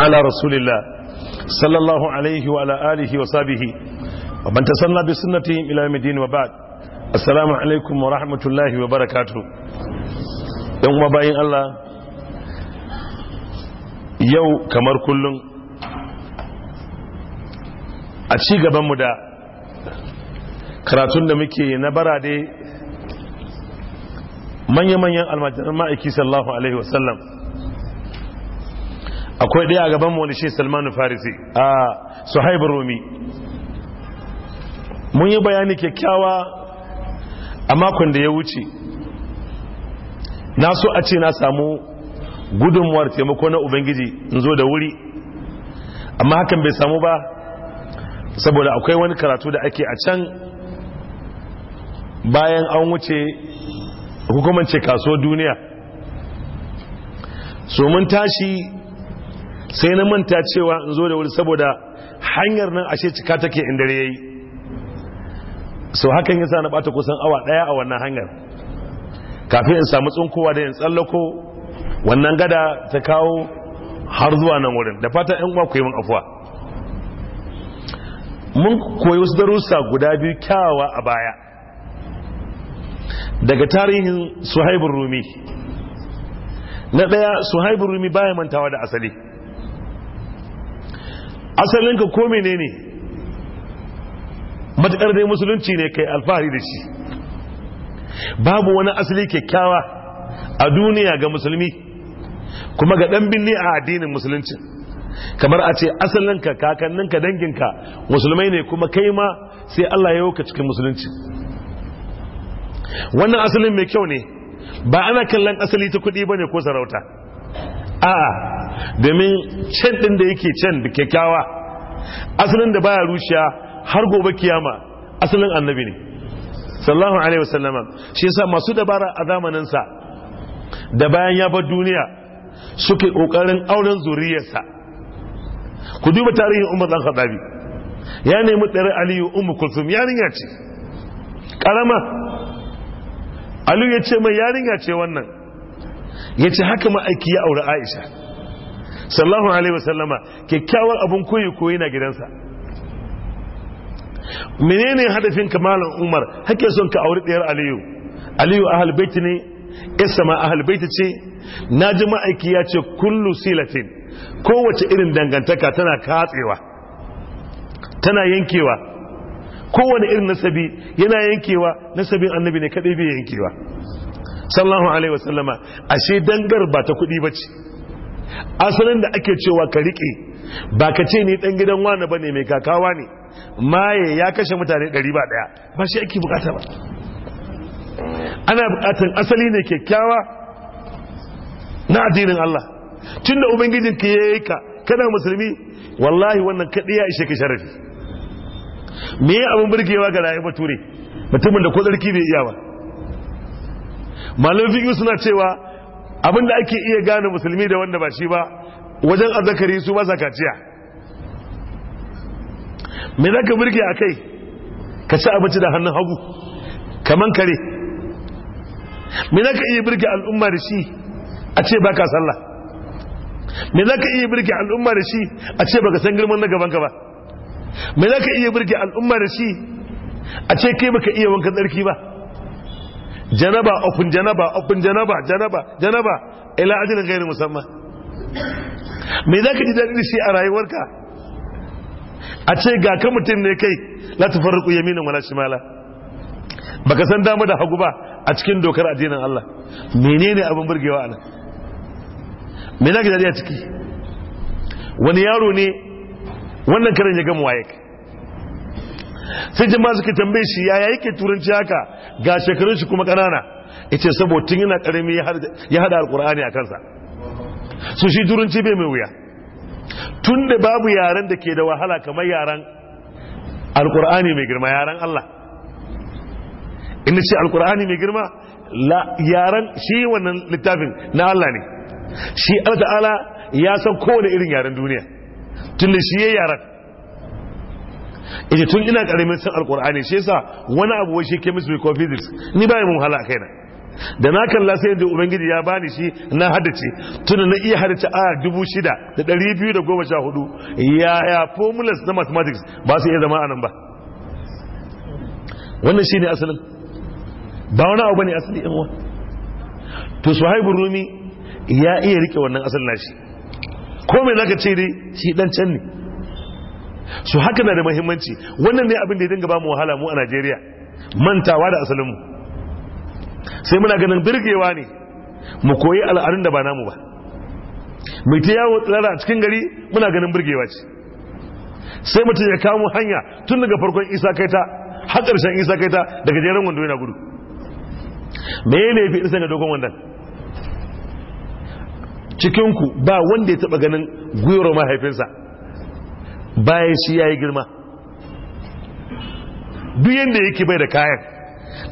ala rasulillah sallallahu alaihi wa ala alihi wa sahbihi wa man tasanna bi sunnatihim ila yawmiddin wa ba'd assalamu alaikum wa rahmatullahi wa barakatuh dan uwa bayin Allah yau kamar kullum a ci gaban mu da karatun da muke na barade manya-manyan almajiran ma'aiki sallallahu alaihi wasallam akwai ɗaya a gaban wani shi salmanu farisi a suhaib rumi mun yi bayani kyakkyawa a makon da ya wuce na so a ce na samu gudunmuwar taimako na ubangiji in zo da wuri amma hakan bai samu ba saboda akwai wani karatu da ake a can bayan an wuce hukumance kaso duniya so mun tashi sai na manta cewa in zo da wuri saboda hanyar nan ashe cika take in dare yayi so hakan yasa na bata kusan awa daya a wannan hanyar kafin in samu tsunkowa da in tsallako wannan gada ta kawo har zuwa nan wurin da fatan yan uwa ku yi min afuwa mun koyi wasu darussa guda biyu kyawawa a baya daga tarihin suhaibun rumi na ɗaya suhaibun rumi baya mantawa da asali asalinka ko menene matakar dai musulunci ne kai alfahari da shi babu wani asali kyakkyawa a duniya ga musulmi kuma ga dan binne a addinin musulunci kamar a ce asalinka kakanninka danginka musulmai ne kuma kai ma sai Allah ya yauka cikin musulunci wannan asalin mai kyau ne ba ana kallon asali ta kuɗi bane ko sarauta a'a domin can din da yake can kyakkyawa asalin da baya rushiya har gobe kiyama asalin annabi ne sallallahu alaihi wasallam shi yasa masu dabara a zamanin sa da bayan ya bar duniya suke kokarin auren zuriyarsa ku duba tarihin umar dan khadabi ya nemi dare aliyu ummu kulsum yarinya ce karama aliyu ya ce mai yarinya ce wannan ya ce haka ma'aiki ya aure aisha sallahu alaihi wasallama kyakkyawar abin koyi koyi na gidansa menene hadafin kamalin umar hake son ka auri ɗayar aliyu aliyu ahal halbaiti ne isa ma ahal halbaiti ce na ji ma'aiki ya ce kullu silatin kowace irin dangantaka tana katsewa tana yankewa kowane irin nasabi yana yankewa nasabin annabi ne kaɗai bai yankewa sallallahu alaihi wasallama ashe dangar ba ta kuɗi bace asalin da ake cewa ka rike ba ka ce ni dan gidan wani bane mai kakawa ne maye ya kashe mutane ɗari ba daya ba shi ake bukata ba ana bukatan asali ne kyakkyawa na addinin Allah tunda ubangijin ka yayi ka kana musulmi wallahi wannan kaɗai ya ishe ka sharafi me abun burgewa ga rayuwar bature mutumin da ko tsarki bai iya ba malamin fiqh suna cewa abinda ake iya gane musulmi da wanda ba shi ba wajen azakari su masa kaciya me zaka burge akai ka ci abinci da hannun hagu kaman kare me ka iya burge al'umma da shi a ce baka sallah me ka iya burge al'umma da shi a ce baka san girman na gaban ka ba me ka iya burge al'umma da shi a ce kai baka iya wanka tsarki ba janaba ofin janaba ofin janaba janaba janaba ila ajalin gairi musamman me za ji daɗi da shi a rayuwarka a ce ga ka mutum ne kai la ta yaminan wala shimala baka san damar da hagu ba a cikin dokar addinin Allah menene abin burgewa anan me za ka ji a ciki wani yaro ne wannan karin ya gama waye sai jama'a suka tambaye shi yaya yake turanci haka ga shekarun shi kuma kanana yace saboda tun yana karami ya hada alqur'ani a kansa su shi turanci bai mai wuya Tunda babu yaran da ke da wahala kamar yaran alqur'ani mai girma yaran Allah in shi alqur'ani mai girma la yaran shi wannan littafin na Allah ne shi Allah ta'ala ya san kowane irin yaren duniya tunda shi ya ita tun ina karamin san alkur'ani shi yasa wani abu wai shi kemis mai physics ni ba mun hala kaina da na kalla sai da ubangiji ya bani shi na haddace tunda na iya haddace a dubu shida da ɗari biyu da goma sha hudu yaya formulas na mathematics ba su iya zama a nan ba wannan shi ne asalin ba wani abu ne asali yan uwa to suhaibu rumi ya iya rike wannan asalin nashi ko me zaka ce dai shi dan can ne su haka na da mahimmanci wannan ne abin da ya dinga ba mu wahala mu a najeriya mantawa da asalinmu sai muna ganin birgewa ne mu koyi al'adun da ba namu ba mai ta yawo tsirara a cikin gari muna ganin birgewa ce sai mutum ya kamo hanya tun daga farkon isa kai ta har ƙarshen isa kai ta daga jerin wando yana gudu me ne fi isa ga dogon wandon cikinku ba wanda ya taɓa ganin gwiwar mahaifinsa bayan shi ya yi girma duk yadda yake bai da kayan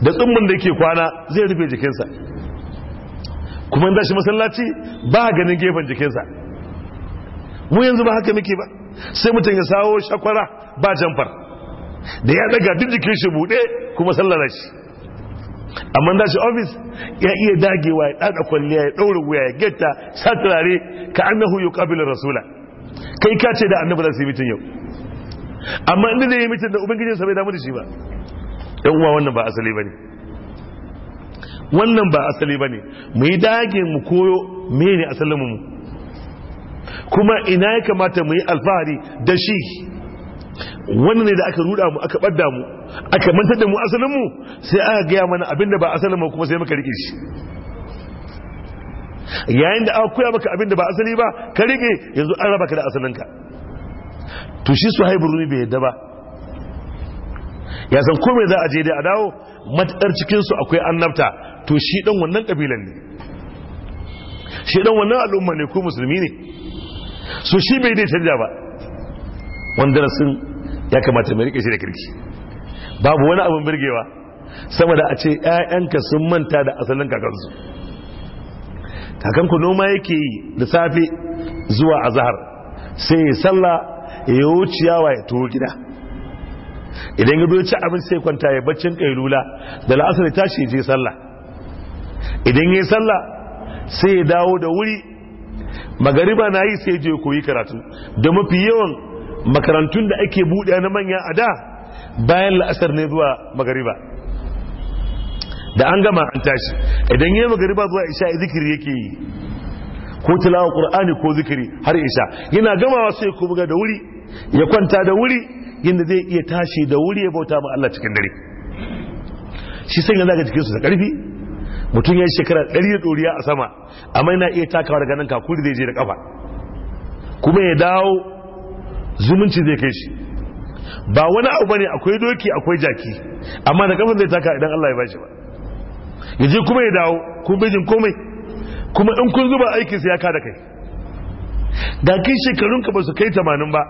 da tsumman da yake kwana zai rufe jikinsa kuma da shi masallaci ba ganin gefen jikinsa mu yanzu ba haka muke ba sai mutum ya sawo shakwara ba jamfar da ya daga duk jikin shi buɗe kuma sallara shi amma da shi ofis ya iya dagewa ya ɗaɗa kwalliya ya ɗaura wuya ya getta sa turare ka annahu yuqabilu rasula kai ka ce da annabi za su yi mitin yau amma inda zai yi mitin da ubangijin sa bai damu da shi ba dan uwa wannan ba asali bane wannan ba asali bane mu yi dage mu koyo mene asalin mu kuma ina ya kamata mu yi alfahari da shi wannan ne da aka ruda mu aka badda mu aka mantar da mu asalin mu sai aka gaya mana abinda ba asalin mu kuma sai muka rike shi yayin da aka koya maka abin da ba asali ba ka rike yanzu an raba ka da asalinka to shi su haibu rumi bai yadda ba ya san kome za a je dai a dawo matuƙar cikinsu akwai annabta to shi dan wannan kabilan ne shi dan wannan al'umma ne ko musulmi ne so shi bai dai canja ba wanda rasin ya kamata mai rike shi da kirki babu wani abin burgewa sama da a ce 'ya'yanka sun manta da asalin kakansu kakanku noma yake yi da safe zuwa azahar sai ya salla ya wuce yawa ya turu gida idan ya biyo ci abin sai kwanta ya baccin kailula da la'asar ya tashi je salla idan ya yi salla sai ya dawo da wuri magariba na yi sai je koyi karatu da mafi yawan makarantun da ake buɗe na manya a da bayan la'asar ne zuwa magariba da an gama an tashi idan yi magariba zuwa isha zikiri yake yi ko tilawa qur'ani ko zikiri har isha yana gamawa sai ku buga da wuri ya kwanta da wuri yadda zai iya tashi da wuri ya bauta ma Allah cikin dare shi sanya zaka cikin su da karfi mutum ya shekara ɗari da ɗoriya a sama amma yana iya takawa daga nan kakuri zai je da kafa kuma ya dawo zumunci zai kai shi ba wani abu bane akwai doki akwai jaki amma da kafin zai taka idan Allah ya bashi ba ya je kuma ya dawo ko bejin komai kuma in kun zuba aikin sai ya ka da kai da kai shekarun ka ba su kai tamanin ba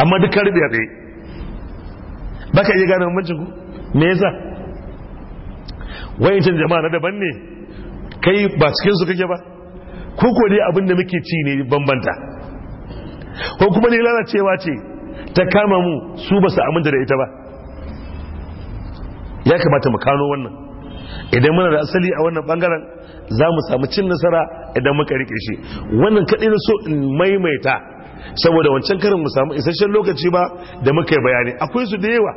amma duk karbi a tsaye ba ka iya gane bambancin ku me yasa wayancin jama'a na daban ne kai ba cikin su kake ba ko ko dai abin da muke ci ne bambanta ko kuma ne lalacewa ce ta kama mu su ba su aminta da ita ba ya kamata mu kano wannan idan muna da asali a wannan bangaren za mu samu cin nasara idan muka rike shi wannan kaɗai na so in maimaita saboda wancan karin mu samu isasshen lokaci ba da muka yi bayani akwai su da yawa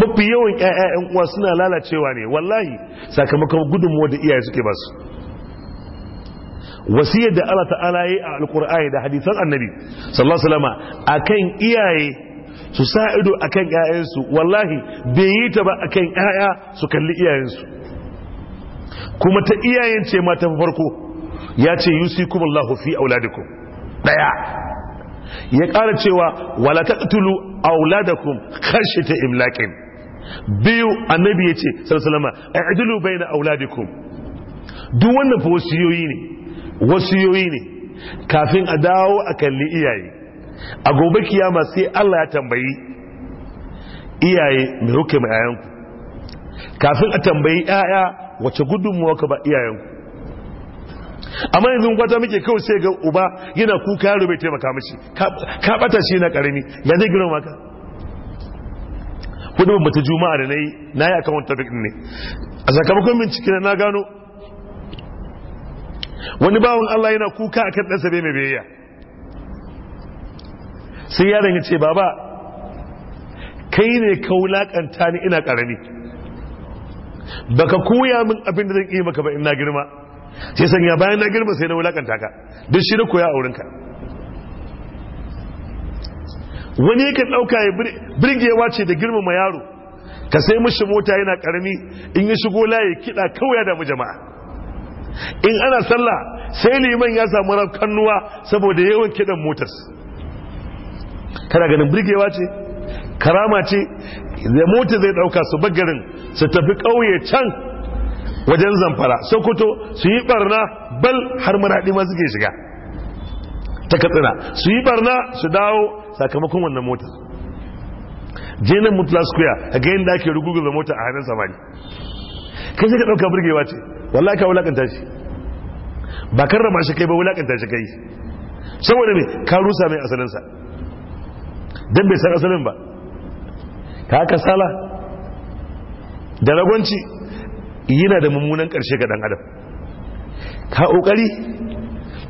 mafi yawan ƴaƴan uwa suna lalacewa ne wallahi sakamakon gudunmuwa da iyaye suke ba su wasiyar da Allah ta'ala yi a alkur'ani da hadisan annabi sallallahu alaihi wasallam akan iyaye su sa ido akan ƴaƴansu wallahi bai yi ta ba akan ƴaƴa su kalli iyayensu kuma ta iyayen ce mata ta farko ya ce yusi kuma Allah fi auladikum daya ya ƙara cewa wala taqtulu auladakum ta imlakin biyu annabi ya ce bai a'dilu bayna auladikum duk wannan fa wasiyoyi ne wasiyoyi ne kafin a dawo a kalli iyaye a gobe kiyama sai Allah ya tambayi iyaye mai mai ayanku kafin a tambayi 'ya'ya wace gudunmuwa ka ba iyayenku amma yanzu kwata muke kawai sai ga uba yana kuka yaro bai taimaka mashi ka bata shi na karami ya zai gina maka kudin bata juma'a da na yi na yi akan wata ne a sakamakon bincike na gano wani bawon Allah yana kuka akan ɗansa bai mai biyayya sai yaron ya ce baba kai ne ka wulakanta ni ina karami baka koya min abin da zan yi maka ba in na girma sai sanya bayan na girma sai na wulakanta ka duk shi na koya a wurinka wani yake ɗauka ya birgewa ce da girmama yaro ka sai mishi mota yana karami in ya shigo layi kiɗa kawai da mu jama'a in ana sallah sai liman ya samu rafkannuwa saboda yawan kiɗan motas kana ganin birgewa ce karama ce da mota zai dauka su bagarin su tafi kauye can wajen zamfara sokoto su yi barna bal har maraɗi ma suke shiga ta katsina su yi barna su dawo sakamakon wannan mota. jenan mutla square a ga yadda ake rugugu da mota a hannun samani. kai sai ka ɗauka burgewa ce wallahi ka wulakanta shi ba rama shi kai ba wulakanta shi kai saboda me ka rusa mai asalinsa don bai san asalin ba ka kasala da ragonci yana da mummunan ƙarshe ga dan adam ka ƙoƙari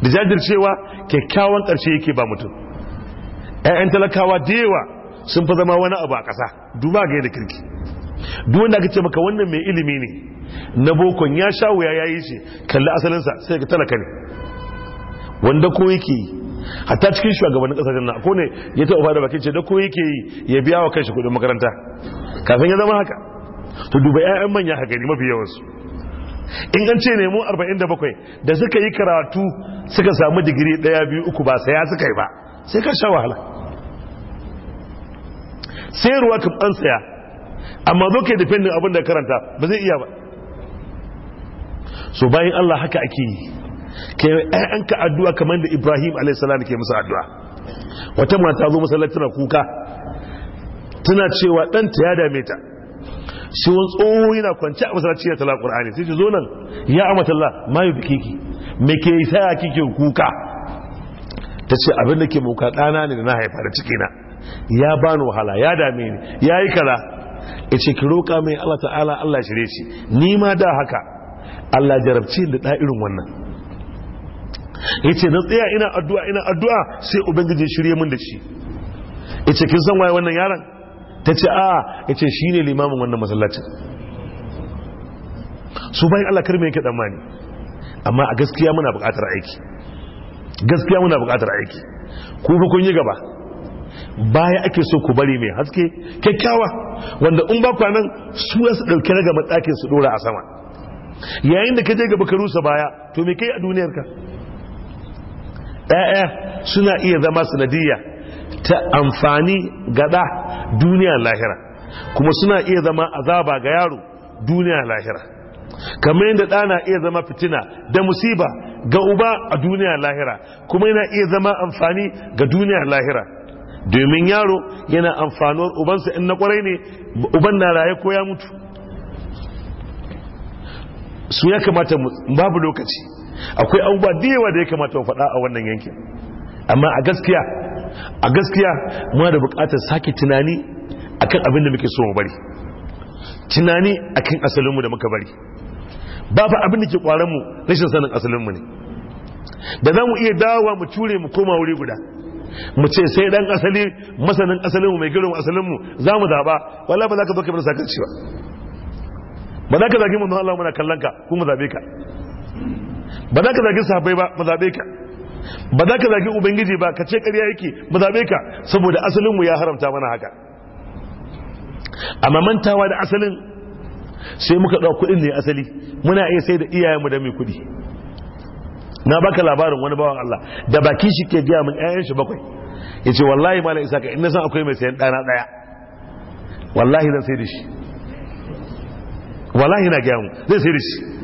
da jajircewa kyakkyawan ƙarshe yake ba mutum 'ya'yan talakawa da yawa sun fi zama wani abu a ƙasa duba ga da kirki duk wanda ka ce maka wannan mai ilimi ne na bokon ya sha wuya ya yi shi kalli asalinsa sai ka talaka ne wanda ko yake yi hatta cikin shugabannin kasar na ko ne ya taɓa fada bakin ce da ko yake yi ya biya wa kanshi kuɗin makaranta kafin ya zama haka to duba 'ya'yan manya haka ne mafi yawansu in an ce nemo 47 da suka yi karatu suka samu digiri ɗaya biyu uku ba saya suka yi ba sai ka sha wahala sayarwa kam an saya amma zo ke dependin abin da karanta ba zai iya ba so bayan Allah haka ake yi ke ƴaƴanka addu'a kamar da Ibrahim alayhis salam ke masa addu'a wata mata zo masallacin tana kuka tana cewa ɗanta ya dame ta shi wani tsoho yana kwance a masallaci ya tala qur'ani sai ce zo nan ya amatallah ma yi bikiki me ke sa kike kuka ta ce abin da ke muka ɗana ne da na haifa da cikina ya bani wahala ya dame ni ya yi kara ya ce ki roƙa mai Allah ta'ala Allah shirye shi ni ma da haka Allah jarabci da ɗa irin wannan yace na tsaya ina addu'a ina addu'a sai ubangiji shirye min da shi ce kin san waye wannan yaran? Ta tace a shi ne limamin wannan masallacin su bayan Allah karme yake mani. amma a gaskiya muna buƙatar aiki gaskiya muna buƙatar aiki ku fa kun yi gaba baya ake so ku bari mai haske kyakkyawa wanda in ba kwanan su su ɗauki raga matsakin su ɗora a sama yayin da ka je gaba ka baya to me kai a duniyarka ɗaya suna iya zama sanadiyya ta amfani gada duniya lahira kuma suna iya zama azaba ga yaro duniya lahira kamar yadda ɗa na iya zama fitina da musiba ga uba a duniya lahira kuma yana iya zama amfani ga duniya lahira domin yaro yana amfanuwar ubansa in na kwarai ne uban na raye ko ya mutu su ya kamata babu lokaci akwai abubuwa da yawa da ya kamata mu faɗa a wannan yankin amma a gaskiya a gaskiya muna da buƙatar sake tunani akan abin da muke so mu bari tunani akan asalinmu da muka bari ba fa abin da ke kwaran mu rashin sanin asalinmu ne da za mu iya dawowa mu cure mu koma wuri guda mu ce sai dan asali masanin asalinmu mai gano asalinmu za mu zaɓa wala ba za ka zo ka bar sakarci ba za ka zagi mu Allah muna kallon ka kuma zabe ka ba za ka zagi sahabbai ba ba zaɓe ka ba za ka zagi ubangiji ba ka ce ƙarya yake ba zaɓe ka saboda asalinmu ya haramta mana haka amma mantawa da asalin sai muka ɗau kuɗin ne asali muna iya sai da iyayenmu da mai kuɗi na baka labarin wani bawan Allah da baki shi ke gaya min ƴaƴan shi bakwai yace wallahi malam isa ka in san akwai mai sayan ɗana ɗaya wallahi zan sai da shi wallahi na gaya mu zai sai da shi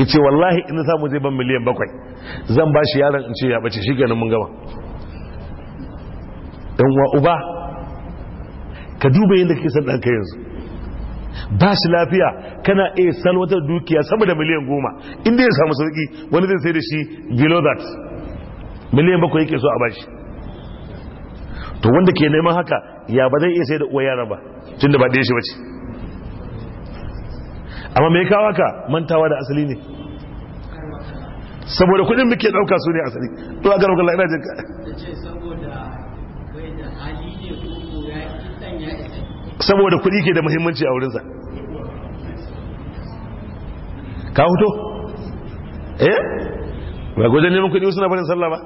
ya ce wallahi ina samu zai ban miliyan bakwai zan ba shi yaron in ce ya bace shi ganin mun gama ɗan wa uba ka duba yadda kake san ɗanka yanzu ba shi lafiya kana iya salwatar dukiya sama da miliyan goma inda ya samu sauki wani zai sai da shi below that miliyan bakwai yake so a bashi to wanda ke neman haka ya ba zai iya sai da uwa yara ba tun da ba ɗaya shi ce. amma mai kawo haka mantawa da asali ne saboda kudin muke dauka su ne asali to a garin kallon ina jin ka saboda kudi ke da muhimmanci a wurinsa ka hoto eh ba gwajen neman kudi suna barin sallah ba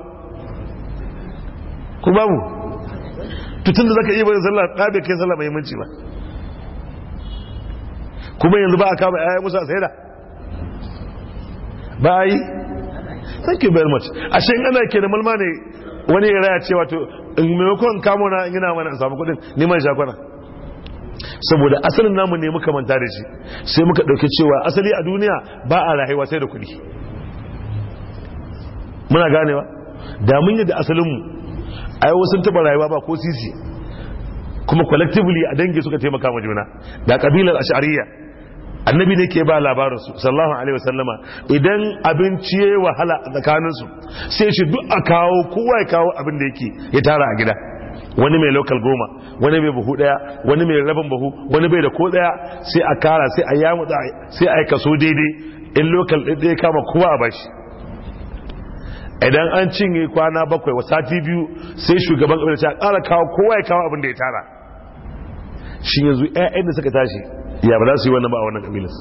ku babu tutun da zaka iya barin sallah ɗabe kai sallah muhimmanci ba kuma yanzu ba a kama yayan musa sai da ba a yi thank you very much a shi ana ke da malma ne wani ya raya cewa to in maimakon kamo na yana mana in samu kudin neman shakwana saboda asalin namu ne muka manta da shi sai muka ɗauki cewa asali a duniya ba a rayuwa sai da kuɗi muna ganewa da mun yi da asalinmu ai wasu taɓa rayuwa ba ko sisi kuma collectively a dangi suka taimaka ma juna da kabilar a ashariya annabi ne ke ba labarin su sallallahu alaihi wasallama idan abinci yayi wahala a tsakanin su sai shi duk a kawo kowa ya kawo abin da yake ya tara a gida wani mai local goma wani mai buhu daya wani mai rabin buhu wani bai da ko daya sai a kara sai a yamutsa sai a yi kaso daidai in local da ya kama kowa a bashi idan an cinye kwana bakwai sati biyu sai shugaban kabilar ta kara kawo kowa ya kawo abin da ya tara shi yanzu 'ya'yan da suka tashi ya ba za su yi wannan ba a wannan kabilas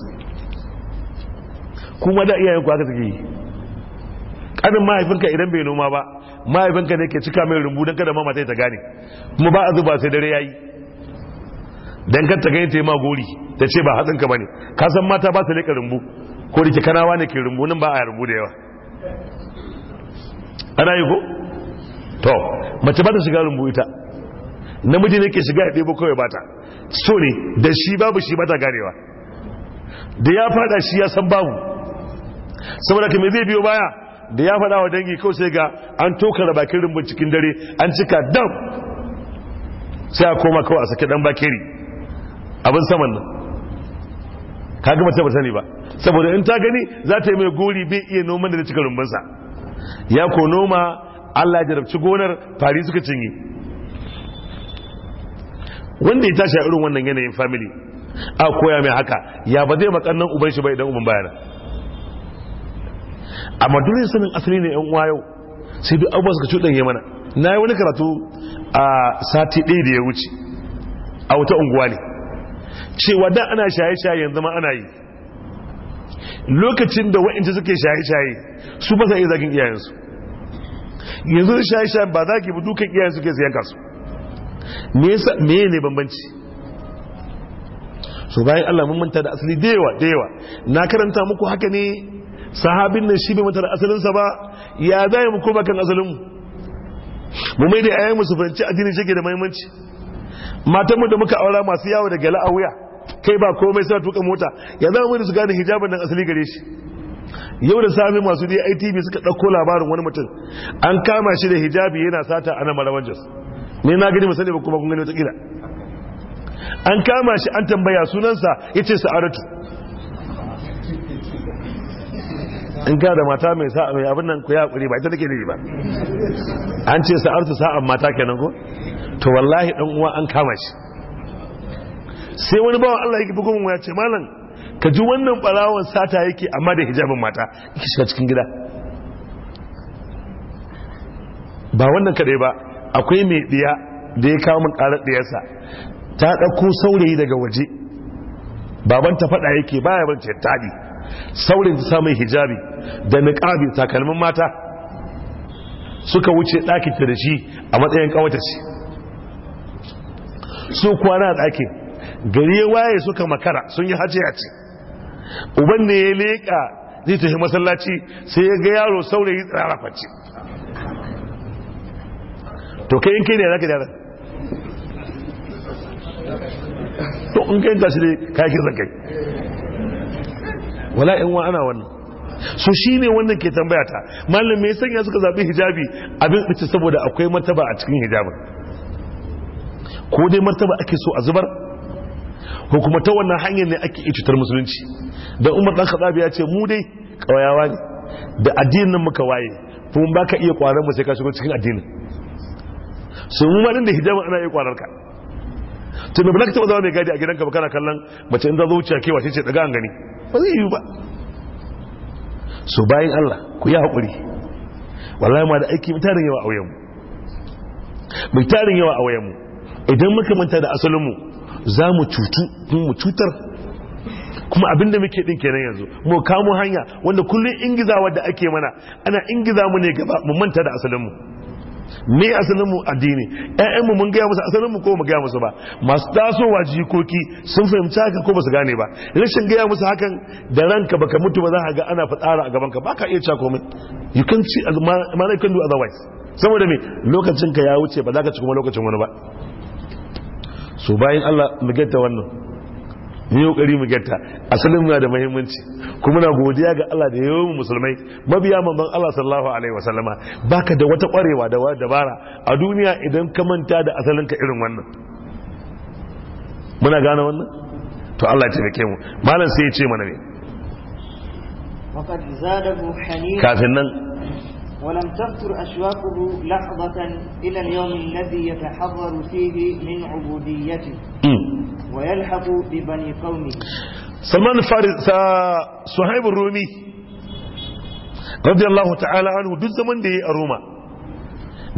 kuma da iyayenku haka ke yi kanin mahaifinka idan bai noma ba mahaifinka ne ke cika mai rumbu don kada mamata ta gane kuma ba a zuba sai dare yayi dan kar ta gani ta yi ma gori ta ce ba hatsinka bane ka san mata ba su leƙa rumbu ko da ke kanawa ne ke rumbu nan ba a rumbu da yawa ana yi ko to mace ba ta shiga rumbu ita namiji ne ke shiga ya ɗebo kawai bata so ne da shi babu shi bata ganewa da ya fada shi ya san babu saboda ka zai biyo baya da ya fada wa dangi kawai sai ga an tokar da bakin rumbun dare an cika dam sai a koma kawai a sake dan bakiri abin saman nan Ka mace ba sani ba saboda in ta gani za ta yi mai gori bai iya noman da cika rumbunsa ya ko noma Allah ya jarabci gonar fari suka cinye wanda ya tashi a irin wannan yanayin family a koya mai haka ya ba zai makannan uban shi ba idan uban bayana amma dole sanin asali ne yan uwa yau sai duk abubuwa suka cuɗanye mana na yi wani karatu a sati ɗaya da ya wuce a wata unguwa ne cewa da ana shaye-shaye yanzu ma ana yi lokacin da wa'inci suke shaye-shaye su ba sa iya zagin iyayensu yanzu shaye shaye ba za ki bi dukan iyayensu ke siyan kasu me me ne bambanci so bayan Allah mun manta da asali da yawa da yawa na karanta muku haka ne sahabin nan shi bai mutar da asalinsa ba ya zai mu koma kan asalin mu mu mai da ayyan mu su addini shige da muhimmanci matan mu da muka aura masu yawo da gala a wuya kai ba komai sa tuka mota ya zama mu da su gane hijabin nan asali gare shi yau da sami masu ITV suka ɗauko labarin wani mutum an kama shi da hijabi yana sata a nan marawan jos ne na gani musali ba kuma kun gani wata kila an kama shi an tambaya sunansa ya ce sa'adatu in ka da mata mai sa'a mai abin nan ku ya kuri ba ita take ne ba an ce Sa'adatu sa'a mata kenan ko to wallahi dan uwa an kama shi sai wani bawan Allah yake bugun ya ce malam ka ji wannan barawon sata yake amma da hijabin mata yake shiga cikin gida ba wannan kadai ba akwai mai ɗiya da ya kawo min ƙarar ɗiyarsa ta ɗauko saurayi daga waje Babanta faɗa yake baya bance taɗi saurin ta samun hijabi da niƙabi takalmin mata suka wuce ɗakin ta da shi a matsayin ƙawata ce su kwana ɗakin gari ya waye suka makara sun yi hajiya ce uban ne ya leƙa zai tafi masallaci sai ya ga yaro saurayi tsarafa ce to kai in kai ne zaka ka to in kai tashi ne kai yi kai wala in wa ana wannan so shi ne wannan ke tambaya ta mallam mai sanya suka zaɓi hijabi abin ɓace saboda akwai martaba a cikin hijabin ko dai martaba ake so a zubar ko kuma ta wannan hanyar ne ake cutar musulunci da umar dan khattab ya ce mu dai ƙawayawa ne da addinin muka waye kuma ba ka iya kwaran mu sai ka shigo cikin addinin su mu malin da hijama ana yi kwanar ka to me ba ka zama mai gadi a ka ba kana kallon mace inda ta zo wuciya wace ce daga an gani ba zai yi ba so bayan Allah ku yi haƙuri wallahi ma da aiki mai tarin yawa a wayanmu mai tarin yawa a wayanmu idan muka manta da asalinmu za mu cutu mu cutar kuma abinda muke din kenan yanzu mu kamo hanya wanda kullum ingizawa da ake mana ana ingiza mu ne gaba mu manta da asalin mu. me asalin mu addini ƴaƴan mu mun gaya musu asalin mu ko mu gaya musu ba masu tasowa jikoki sun fahimci haka ko basu gane ba rashin gaya musu hakan da ranka baka mutu ba za ka ga ana fitsara a gaban ka baka iya cewa komai you can see man can do otherwise saboda me lokacin ka ya wuce ba za ka ci kuma lokacin wani ba so bayan Allah mu gaita wannan Ni yi kokari mu gyatta asalin muna da muhimmanci kuma na godiya ga Allah da yawan musulmai mabiya manzon Allah sallallahu alaihi wasallama baka da wata kwarewa da dabara a duniya idan ka manta da asalin ka irin wannan muna gane wannan to Allah ya taimake mu malam sai ya ce mana ne kafin nan ولم تغفر أشواقه لحظة إلى اليوم الذي يتحضر فيه من عبوديته ويلحق ببني قومه سلمان الفارس آه، صهيب الرومي رضي الله تعالى عنه بالزمن دي الروما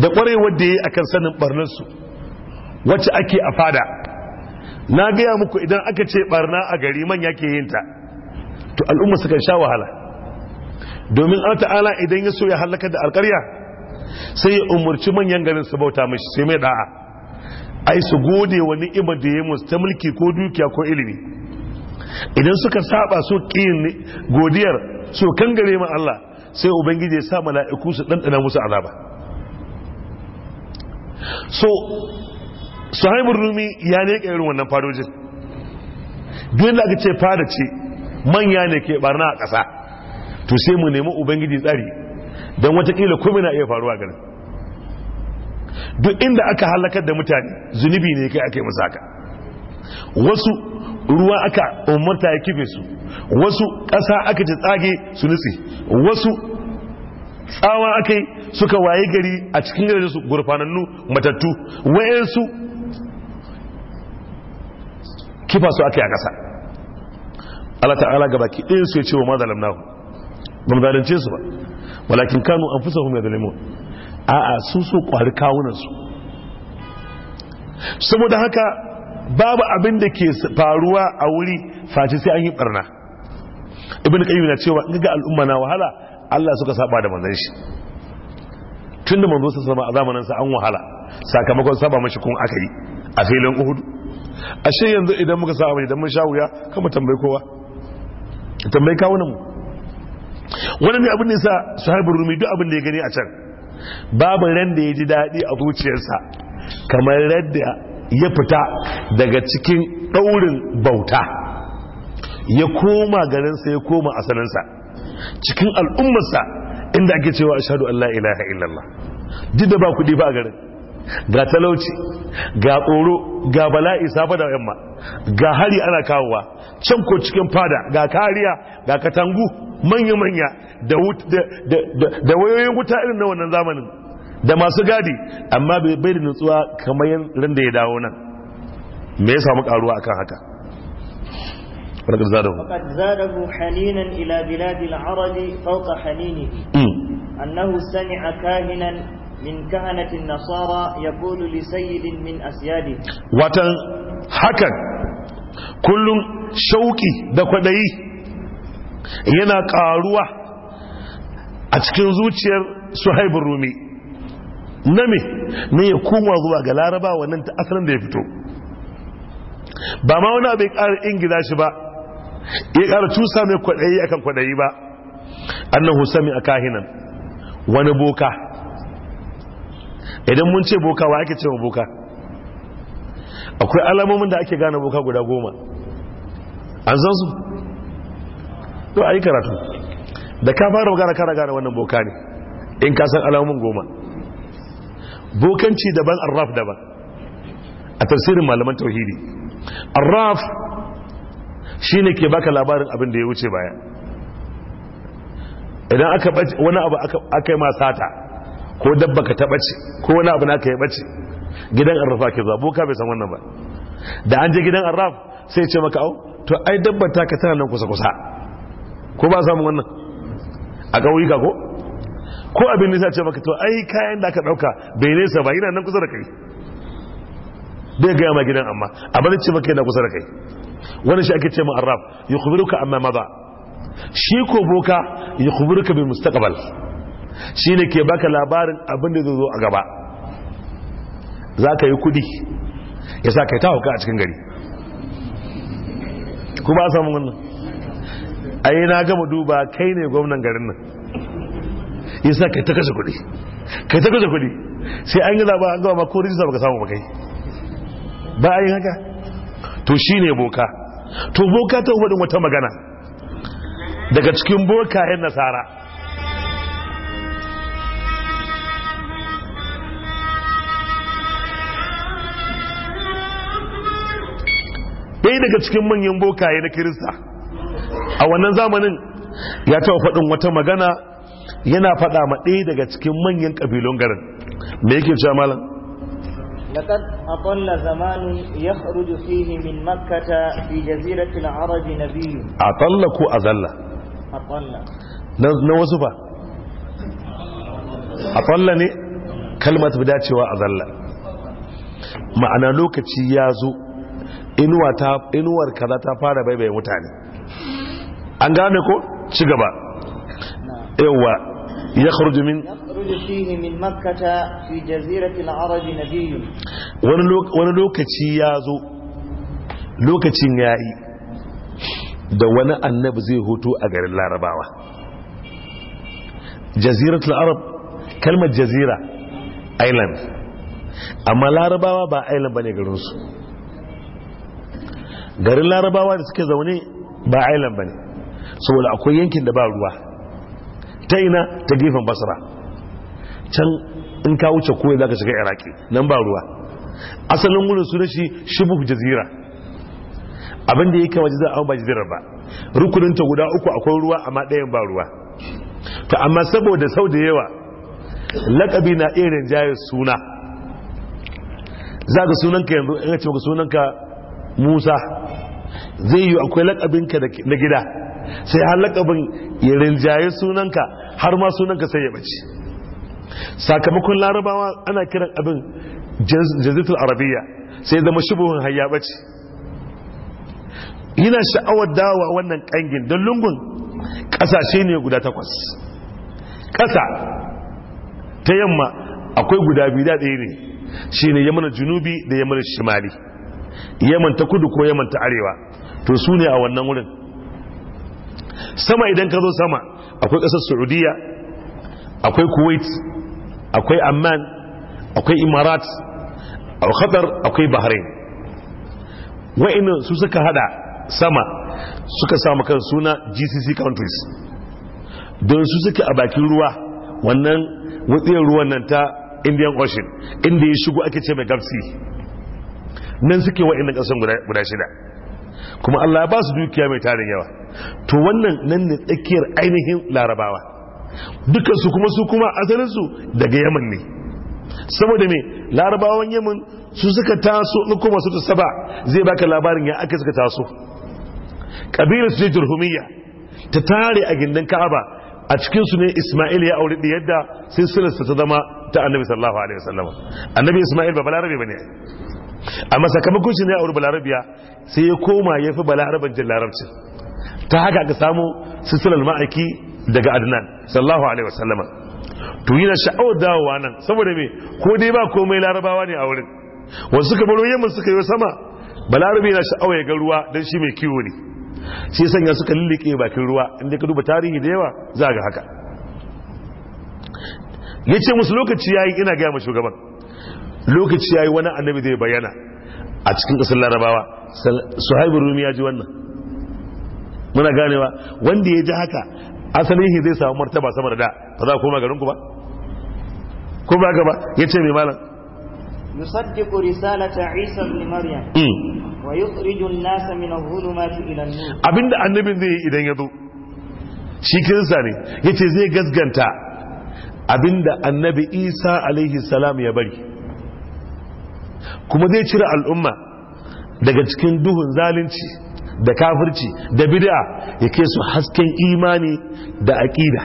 da ودي da ya akan sanin barninsu wacce ake a fada na gaya muku idan aka ce barna a gari man yake yinta to al'umma suka sha wahala domin Allah ta'ala idan ya so ya halaka da alƙarya sai ya umarci manyan garin su bauta mashi sai mai da'a ai su gode wa ni'imar da ya musu ta mulki ko dukiya ko ilimi idan suka saba su kiyin godiyar so kan gare mu Allah sai ubangiji ya sa mala'iku su dandana musu azaba so suhaibun rumi ya ne irin wannan fadojin duk da aka ce fada ce manya ne ke barna a ƙasa to sai mu nemi ubangiji tsari don watakila kome na iya faruwa gani duk inda aka halakar da mutane zunubi ne kai aka yi musaka wasu ruwa aka umarta ya kife su wasu ƙasa aka ji tsage su nutse wasu tsawa aka yi suka waye gari a cikin gari su gurfanannu matattu wayansu kifa su aka yi a ƙasa Allah ta'ala gabaki ɗin su ya ce wa mazalam hu'. ba zalunce su ba walakin kanu an fusa hume a a'a su su kwari kawunansu saboda haka babu abin da ke faruwa a wuri face sai an yi barna ibn qayyim na cewa in ga al'umma na wahala Allah suka saba da manzon shi tunda manzon sa sama a zamanin sa an wahala sakamakon saba mashi kun aka yi a filin Uhud ashe yanzu idan muka saba idan mun sha wuya tambayi kowa tambayi kawunan mu wannan ne abin nisa yasa sahibin rumi duk abin da ya gani a can babu ran da ya ji daɗi a zuciyarsa kamar yadda ya fita daga cikin ɗaurin bauta ya koma garinsa ya koma asalinsa cikin al'ummarsa inda ake cewa shaɗu Allah ilaha illallah duk da ba kuɗi ba a garin ga talauci ga tsoro ga bala'i safa da yamma ga hari ana kawowa can ko cikin fada ga kariya ga katangu manya-manya da wayoyin wuta irin na wannan zamanin da masu gadi amma bai da nutsuwa kamar ran da ya dawo nan me ya samu karuwa akan haka فقد زاده فقد زاده حنينا إلى بلاد العرب فوق حنينه أنه سمع min kahanatin nasara ya kulu li sayyidin min asyadi watan hakan kullum shauki da kwadayi yana karuwa a cikin zuciyar suhaibun rumi na me ne ya kuma zuwa ga laraba wannan ta asalin da ya fito ba ma wani abin kara Ingilashi shi ba ya kara cusa mai kwaɗayi akan kwaɗayi ba annan husami a kahinan wani boka idan mun ce boka wa ake ce wa boka akwai alamomin da ake gane boka guda goma an zan su to a yi karatu da ka fara magana kara gane wannan boka ne in ka san alamun goma bokanci daban arraf daban a tafsirin malaman tauhidi arraf shine ke baka labarin abin da ya wuce baya idan aka wani abu aka yi masata ko dabba ka ta ɓace ko wani abu na ka yi ɓace gidan arrafa ke zuwa boka bai san wannan ba da an je gidan arraf sai ce maka au to ai dabba ta ka tana nan kusa-kusa ko ba samu wannan a ƙauyuka ko ko abin nisa ce maka to ai kayan da aka ɗauka bai nesa ba yana nan kusa da kai bai gaya ma gidan amma abin da ce maka yana kusa da kai wani shi ake ce ma arab ya kubiruka amma maza shi ko boka ya kubiruka bai mustaqbal shi ne ke baka labarin abin da zai zo a gaba za ka yi kudi ya sa kai ta hauka a cikin gari ku ba samun wannan ai na gama duba kai ne gwamnan garin nan yasa kai ta kashe kuɗi kai ta kashe kuɗi sai an yi zaba an gama ko rijista baka samu ba kai ba a yi haka to shine boka to boka ta ubarin wata magana daga cikin boka yan nasara ɗaya daga cikin manyan bokaye na kirista a wannan zamanin ya taɓa faɗin wata magana yana faɗa ma daga cikin manyan ƙabilun garin me yake cewa malam لقد أطل زمان يخرج فيه من مكة في جزيرة العرب نبي wasu ba. أزل أطل نوصفة أطل كلمة a وأزل ma'ana lokaci ya zo inuwar kaza ta fara baibaye mutane an gane ko ci gaba yawa ya kharuju min wani lokaci ya zo lokacin ya yi da wani annabi zai hoto a garin larabawa jaziratul arab kalmar jazira island amma larabawa ba island ba ne su, garin larabawa da suke zaune ba island ba ne saboda akwai yankin da ba ruwa ta ina ta gefen basra can in ka wuce koyi za ka shiga iraki nan ba ruwa asalin wurin suna shi shibu jazira abin da ya kama jazira an ba jazira ba rukuninta guda uku akwai ruwa amma ɗayan ba ruwa Ta amma saboda sau da yawa lakabi na iya rinjayar suna za ka sunanka yanzu in ce sunanka musa zai yi akwai lakabinka na gida sai har lakabin ya rinjaye sunanka har ma sunanka sai ya bace sakamakon larabawa ana kiran abin jazitul arabiya sai zama shubuhun hayya bace yana sha'awar dawa wannan kangin don lungun kasashe ne guda takwas kasa ta yamma akwai guda biyu da ɗaya ne shi ne yamanar junubi da yamana shimali yaman ta kudu ko yaman ta arewa to su ne a wannan wurin sama idan ka zo sama akwai ƙasar saudiya akwai kuwait akwai amman akwai imarat a akwai bahrain Wa'in su suka hada sama suka samu kan suna gcc countries don su suke a bakin ruwa wannan wutsiyar ruwan nan ta indian ocean inda ya shigo ake ce mai gabsi nan suke wa'annan ƙasar guda shida kuma allah ya ba su dukiya mai tarin yawa to wannan nan ne tsakiyar ainihin larabawa su kuma su kuma asalinsu daga yaman ne saboda me larabawan yaman su suka taso na kuma su ta saba zai baka labarin ya aka suka taso kabilar su ce jurhumiyya ta tare a gindin ka'aba a cikinsu ne isma'il ya aure da yadda silsilarsa ta zama ta annabi sallallahu alaihi wasallam annabi isma'il ba balarabe bane amma sakamakon shi ne aure balarabiya sai ya koma ya fi balaraban jin Larabci. ta haka aka samu sisilar ma'aiki daga adnan sallallahu alaihi wasallama to na sha'awar dawowa nan saboda me ko dai ba komai larabawa ne a wurin wasu suka baro yamma suka yi sama balarabe yana sha'awa ya ga ruwa dan shi mai kiwo ne shi sanya suka lullike bakin ruwa inda ka duba tarihi da yawa za ga haka ya ce musu lokaci ya yi ina gaya ma shugaban lokaci ya yi wani annabi zai bayyana a cikin kasar larabawa su haibu rumi ya ji wannan muna ganewa wanda ya ji haka asalin shi zai samu martaba sama da da ba za ku koma garin ku ba ko ba gaba ya ce mai malam يصدق رسالة عيسى بن مريم ويخرج الناس من الظلمات Abinda النور zai yi idan ya يدو shi kirista ne ya ce zai gasganta abinda annabi isa alaihi salam ya bari kuma zai cire al'umma daga cikin duhun zalunci da kafirci da bid'a ya su hasken imani da aqida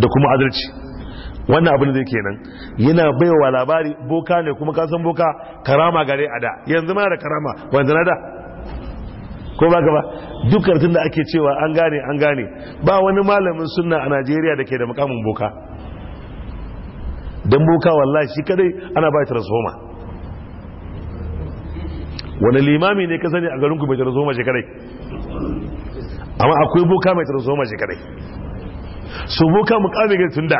da kuma adalci wannan abin da nan yana baiwa labari boka ne kuma kasan boka karama gare a da yanzu mana da karama wanda na da ko ba gaba duk karatun da ake cewa an gane an gane ba wani malamin sunna a najeriya da ke da mukamin boka don boka wallahi shi kadai ana ba ta wani limami ne ka sani a garinku mai tarzoma mace kadai amma akwai boka mai tarzoma mace kadai su boka mukami ga tunda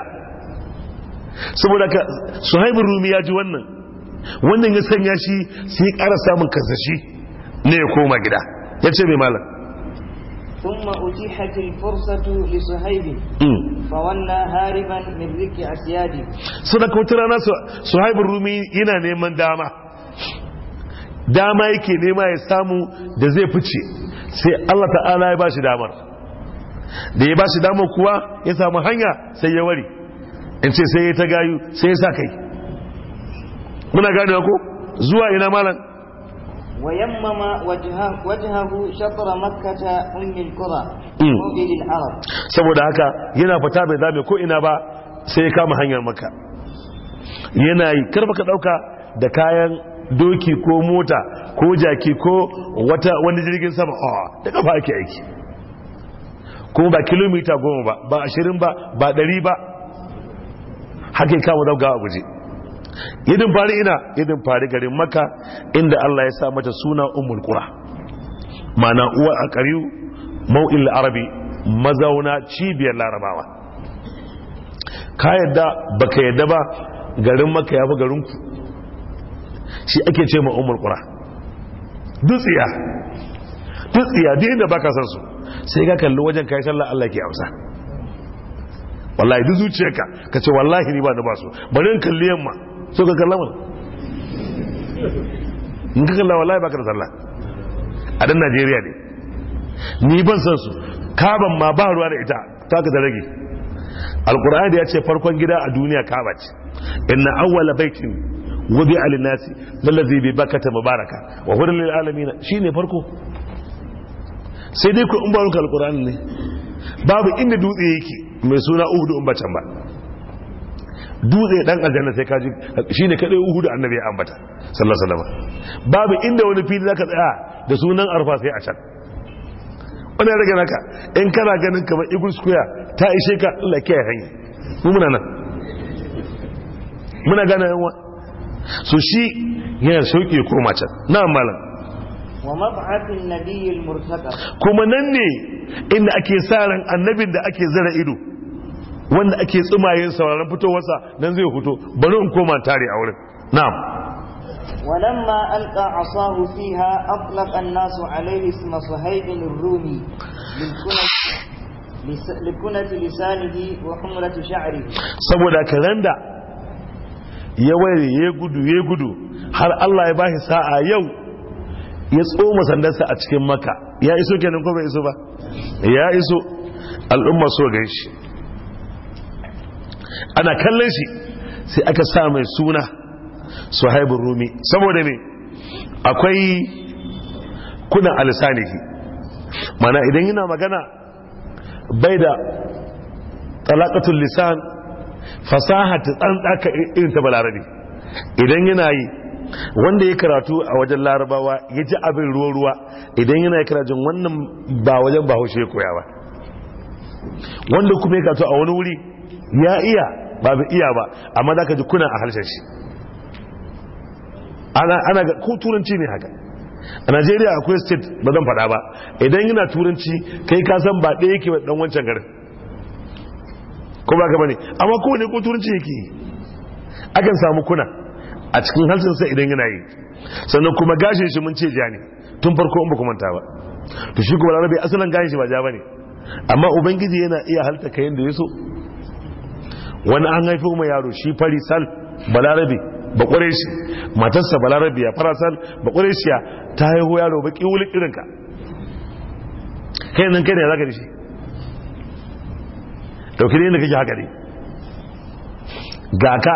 saboda ka su haibin rumi ya ji wannan wannan ya sanya shi sai ƙara samun kasashi ne ya koma gida ya ce mai malam hmm. su wannan hariban الفرصة لصهيب a هاربا من ذكر kautura nasu su صهيب rumi yana neman dama. dama yake nema ya samu da zai fice sai Allah ta'ala ya bashi damar da ya bashi damar kuwa ya samu hanya sai ya wari in ce sai ya ta gayu sai ya sa kai muna gani ko zuwa ina malam ويمم وجهه وجهه makkata, مكة qura ko موجد العرب saboda haka yana fita bai zabe ko ina ba sai ya kama hanyar makka yana yi karfa ka dauka da kayan doki ko mota ko jaki ko wata wani jirgin sama a da kafa ake aiki kuma ba kilomita goma ba ba ashirin ba ba dari ba haka kama dauga a guje yadin fari ina yadin fari garin maka inda Allah ya sa mata suna umar kura. mana uwa a ƙariyu mau'il arabi mazauna cibiyar larabawa ka yadda baka yadda ba garin maka ya fi garinku shi ake ce ma umar ƙura dutsiya dutsiya duk inda ka san su sai ka kalli wajen yi sallah Allah ke amsa wallahi duk zuciyarka ka ce wallahi ni ba na ba su bari in kalli yamma so ka kalla mana in ka kalla wallahi ka da sallah a dan Najeriya ne ni ban san su kaban ma ba ruwa da ita ta ka al rage da ya ce farkon gida a duniya kaba ce inna awwala baitin wudi alin nasi lallazi bi bakata mubaraka wa hudan lil alamin shine farko sai dai ku in baruka alqur'ani ne babu inda dutse yake mai suna uhudu in bacan ba dutse dan aljanna sai kaji shine kadai uhudu annabi ya ambata sallallahu alaihi wasallam babu inda wani fili zaka tsaya da sunan arfa sai a can wani rage naka in kana ganin kamar eagle square ta ishe ka Allah kiyaye hanya mu muna nan muna gane yawa so shi yana sauƙi ya koma can na malam kuma nan ne inda ake sa ran annabin da ake zara ido wanda ake tsumayen sauraron fitowarsa nan zai fito bari in koma tare a wurin na'am ولما ألقى عصاه فيها أطلق الناس haifin rumi, صهيب الرومي wa لسانه وحملة sha'ari saboda kalanda ya waye ya gudu ya gudu har Allah ya bashi sa'a yau ya tsoma sandarsa a cikin maka ya iso kenan ko bai iso ba ya iso al'umma so gan shi ana kallon shi sai aka sa mai suna suhaibun rumi saboda me akwai kuna alisanihi mana idan yana magana bai da talakatul lisan fasaha ta tsantsaka irin ta balarabe idan yana yi wanda ya karatu a wajen larabawa ya ji abin ruwa-ruwa idan yana yi karatun wannan ba wajen ba haushe koya ba wanda kuma ya karatu a wani wuri ya iya ba bi iya ba amma za ka ji kuna a harshen shi ana ga ko turanci ne haka a najeriya akwai state ba zan faɗa ba idan yana turanci kai ka san ba ɗaya yake dan wancan garin ko ba ka bane amma ko ko turanci yake akan samu kuna a cikin halsinsa idan yana yi sannan kuma gashin shi mun ce ja ne tun farko in ba ku manta ba to shi kuma larabe asalin gashin shi ba ja bane amma ubangiji yana iya halta ka yanda ya so wani an haifi kuma yaro shi fari sal balarabe ba kware shi matarsa balarabe ya fara sal ba kware shi ya ta haihu yaro ba kiwulik irinka kai nan kai ne zaka da shi dauki ne kake haka ne ga ka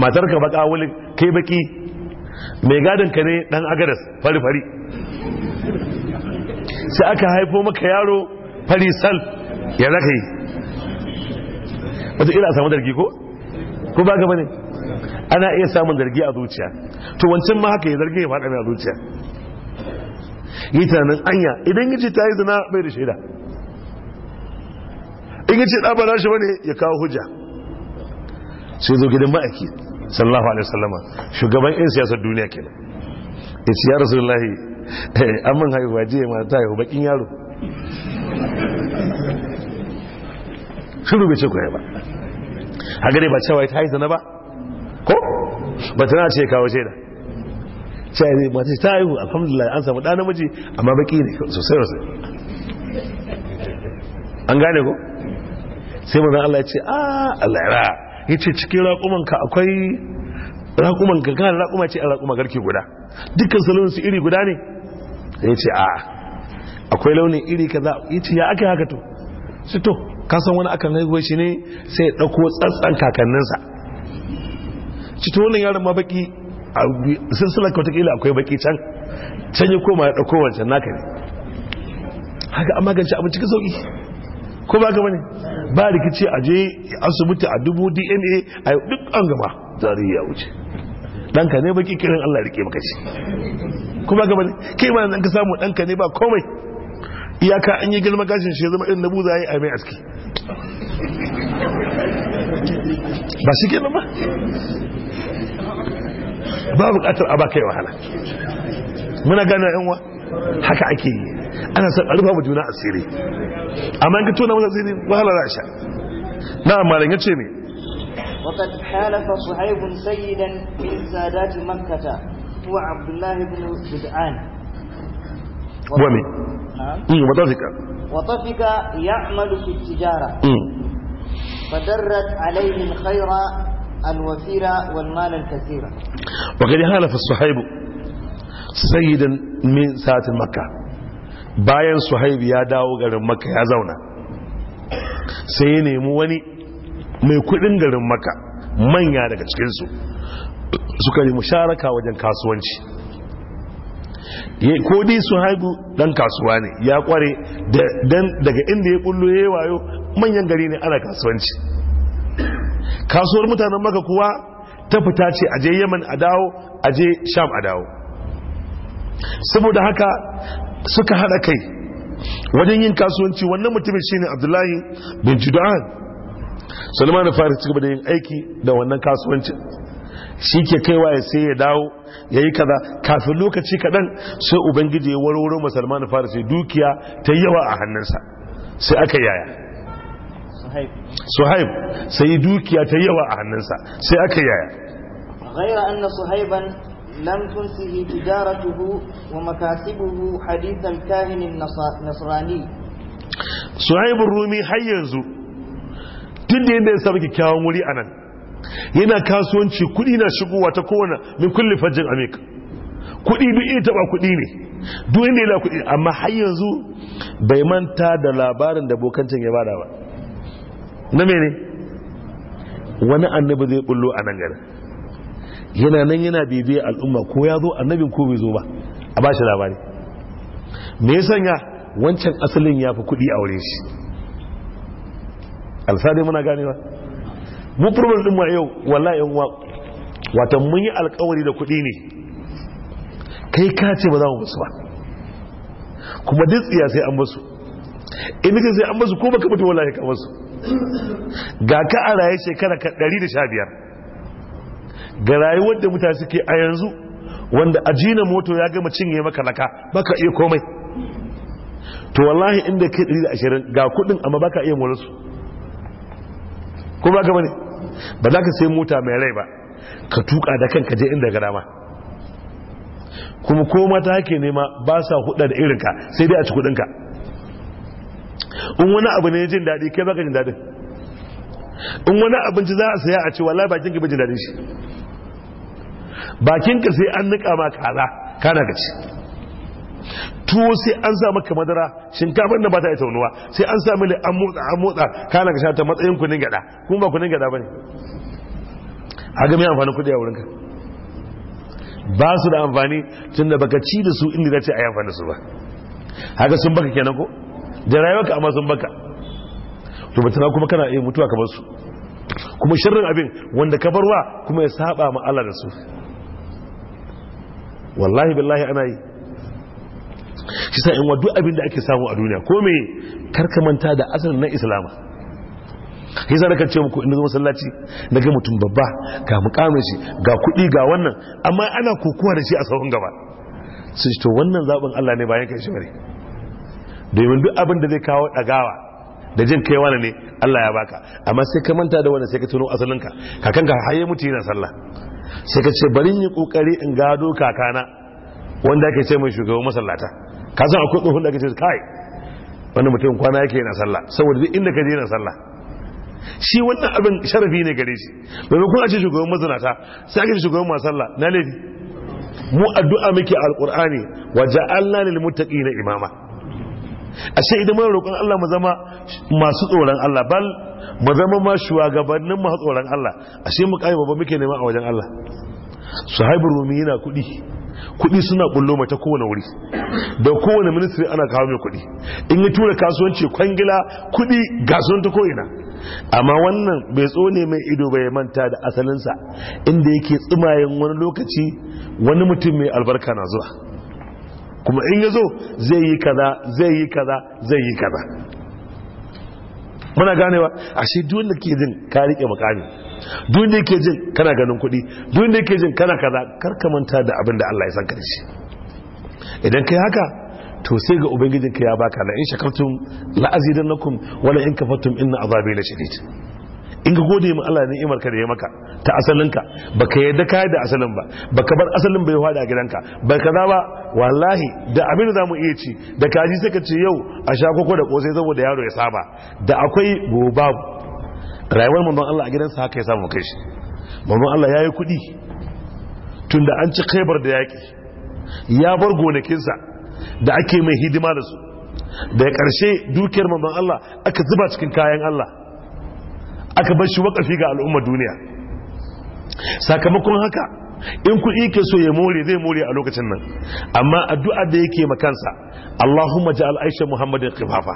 matar ka baka wuli kai baki mai gadon ka ne dan agaras fari fari sai aka haifo maka yaro fari sal ya zaka yi wata ila samu dargi ko ko ba gaba ne ana iya samun zargi a zuciya to wancan ma haka ya zargi ya faɗa mai a zuciya yi tunanin anya idan yace ta yi zina bai da shaida in yace da ba nashi wani ya kawo hujja sai zo gidan ma'aiki sallallahu alaihi wasallama shugaban yan siyasar duniya ke. yace ya rasulullahi eh, an man haifu waje ya ta haihu bakin yaro shiru bai ce ku ba a gare ba cewa ta haihu na ba ko ba tana ce kawo shaida sai ne ba ta haihu alhamdulillah an samu ɗa namiji amma baki ne sosai sosai an gane ko sai manzon Allah ya ce a ah, alara ya ce cikin raƙumanka akwai raƙumanka kan raƙuma ce a raƙuma garke guda dukkan salon su iri guda ne ya ce a akwai launin iri kaza ya ce ya ake haka to su to kasan wani akan haihuwa shi ne sai ya ɗauko tsantsan kakanninsa ci to wannan yaron ma baki a silsilar kila akwai baki can can ya koma ya ɗauko wancan naka ne haka an magance abin cikin sauƙi ko ba ka bane ba rikici a je asibiti a dubu dna a duk an gaba zari ya wuce ɗanka ne baki kiran allah rike maka shi kuma gaba ne ke ma ka samu ɗanka ne ba komai iyaka an yi girma gashin shi zama irin na buza a yi a mai aski ba shi kenan ba ba bukatar a ba kai wahala muna gane yan wa haka ake yi أنا son a rufa juna asiri amma in ka tona لا لا wahala za a sha na'am وقد حالف صحيب سيدا في سادات مكة هو عبد الله بن بدعان ومن نعم. وطفك وطفك يعمل في التجارة فدرت عليه الخير الوفير والمال الكثير وقد حالف الصحيب سيدا من سادات مكة bayan haibu ya dawo garin maka ya zauna sai ya nemi wani mai kudin garin maka manya daga cikinsu suka yi musharaka wajen kasuwanci ko dai suhaibu dan kasuwa ne ya kware daga inda ya kullo ya yi wayo manyan gari ne ana kasuwanci kasuwar mutanen maka kuwa ta fita ce a je yaman a dawo a je sham a dawo saboda haka suka haɗa kai wajen yin kasuwanci wannan mutumin shine abdullahi bin judan salman fara ci gaba da yin aiki da wannan kasuwancin shi ke kaiwa ya sai ya dawo ya yi kaza kafin lokaci kaɗan sai ubangiji ya warwaro musulman fara sai dukiya ta yawa a hannunsa sai aka yaya suhaib sai dukiya ta yawa a hannunsa sai aka yaya غير أن صهيبا لم تنسه تجارته ومكاسبه حديث الكاهن النصراني شعيب الرومي har yanzu tun da yadda ya samu kyakkyawan wuri a nan yana kasuwanci kuɗi na shigowa ta kowane min kulle fajin amik kudi duk iya taba kudi ne duk inda yana kudi amma har yanzu bai manta da labarin da bokancin ya bada ba na mene wani annabi zai bullo a nan garin yana nan yana bibiyar al'umma ko ya zo annabin ko bai zo ba a bashi labari me ya sanya wancan asalin ya fi kudi a wurin shi alsadai muna ganewa mu problem din ma yau wallahi yan wa wato mun yi alkawari da kudi ne kai ka ce ba za mu musu ba kuma duk tsiya sai an musu in ka sai an musu ko baka mutu wallahi ka musu ga ka a raye shekara ka biyar? ga rayuwar da mutane suke a yanzu wanda ajina moto ya gama cinye maka laka baka iya komai to wallahi inda ke 120 ga kudin amma baka iya molarsu ko baka bane ba za ka sai mota mai rai ba ka tuka da kanka je inda ga dama kuma koma ta hake nema ba sa hudu da irinka sai dai a ci kudinka in wani abu ne jin daɗi kai baka jin daɗin in wani abinci za a saya a ce wallahi bakin ki jin daɗin shi bakinka sai an nika ma kaza kana ka ci tuwo sai an sa maka madara shinkafar da ba ta yi taunuwa sai an sa mili an motsa an motsa kana ka ta matsayin kunin gada kuma ba kunin gada a haga mai amfani kudi a wurinka ba su da amfani tun da baka ci da su inda zace a yi amfani su ba haka sun baka kenan ko da ka amma sun baka to mutuna kuma kana iya mutuwa kamar su kuma shirin abin wanda ka barwa kuma ya saba ma Allah da su wallahi billahi ana yi shi sa in wa duk abin da ake samu a duniya ko me karka manta da asalin na islama shi sa nakan ce muku inda zama sallaci na ga mutum babba ga mukamin shi ga kuɗi ga wannan amma ana kokowa da shi a sauran gaba sun to wannan zaɓin Allah ne bayan kai shi bane domin duk abin da zai kawo ɗagawa da jin kai wani ne Allah ya baka amma sai ka manta da wannan sai ka tuno asalinka kakanka har ya mutu yana sallah sai ka ce bari yi kokari in gado kakana wanda ake ce mai shugaban masallata ka san akwai tsohon da ake ce kai wani mutum kwana yake yana sallah saboda duk inda ka je yana sallah shi wannan abin sharafi ne gare shi bai a ce shugaban mazinata sai ake shugaban masu na laifi mu addu'a muke alqur'ani wa ja'alna lil muttaqina imama ashe idan mun roƙon Allah mu zama masu tsoron Allah bal mu zama ma shugabannin mu tsoron Allah ashe mu kai babba muke nema a wajen Allah sahibu rumi yana kuɗi kuɗi suna kullo mata kowane wuri da kowane ministry ana kawo mai kuɗi in ya tura kasuwanci kwangila kuɗi sun ta ko'ina amma wannan bai tsone mai ido bai manta da asalinsa inda yake tsimayen wani lokaci wani mutum mai albarka na zuwa kuma in ya zo zai yi kaza zai yi kaza zai yi kaza muna ganewa ashe duk wanda ke jin ka rike makami duk wanda ke jin kana ganin kuɗi duk wanda ke jin kana kaza kar ka manta da abin da Allah ya san ka shi idan kai haka to sai ga ubangijinka ya baka la in shakartum la azidannakum wala in kafartum inna azabi na shadid in ka gode min Allah ni'imar ka da ya maka ta asalinka ka yadda ka da asalin ba Ba ka bar asalin bai hada gidanka ka kaza ba wallahi da abin da zamu iya ci da kaji sai ka ce yau a sha koko da kosai saboda yaro ya saba da akwai goba rayuwar mun Allah a gidansa haka ya samu kai shi mun Allah yayi kuɗi tunda an ci khaibar da yaki ya bar gonakinsa da ake mai hidima da su da ƙarshe dukiyar manzon Allah aka zuba cikin kayan Allah aka bar shi wakafi ga al'ummar duniya sakamakon haka in kuɗi ke so ya more zai more a lokacin nan amma addu'a da yake makansa Allahumma ja'al Aisha Muhammadin kifafa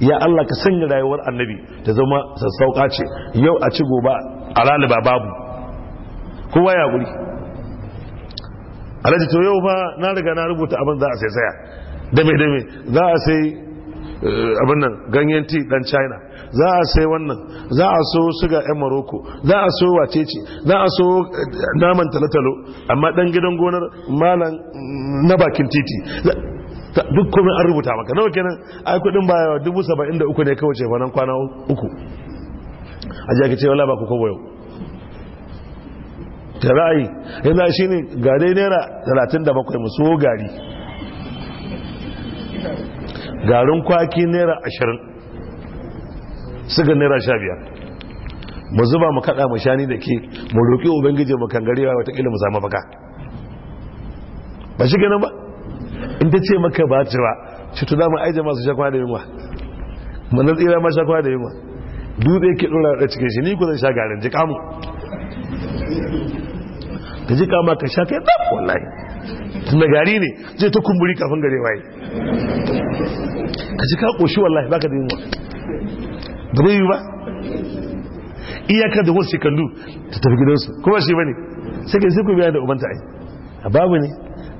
ya Allah ka sanya rayuwar annabi ta zama sassauka ce yau a ci gobe a babu kowa ya guri alaji to yau fa na riga na rubuta abin za a sai saya dame dame za a sai Eh, abin nan ganyen ti dan china za a sai wannan za a so suga yan maroko za a so wacece za a so eh, naman talotalo amma dan gidan gonar malam mm, na bakin titi duk komai an rubuta maka nawa kenan ai kudin ba yawa dubu saba'in da uku ne kawai ce fanan kwana uku a ji ake ce wala ba ku kowa yau ta ra'ayi yanzu shi ne gare naira talatin da bakwai musu gari garin kwaki naira ashirin suga naira sha biyar mu zuba mu kaɗa mu shani da ke mu roƙi ubangiji mu kangarewa watakila mu samu baka ba shi ganin ba in ta ce maka ba ci ba ci tu mu aije masu shakwa da yunwa manar tsira ma shakwa da yunwa dutse ke ɗora da cikin shi ni ku zan sha garin ji kamu ka ji kama ka sha kai ɗan wallahi na gari ne zai ta kumburi kafin gare waye ka ji ka koshi wallahi ka da wa da bai yi ba iyakar da wasu kallu ta tafi gidansu kuma shi ne. sai kai sai ku biya da ubanta ai a babu ne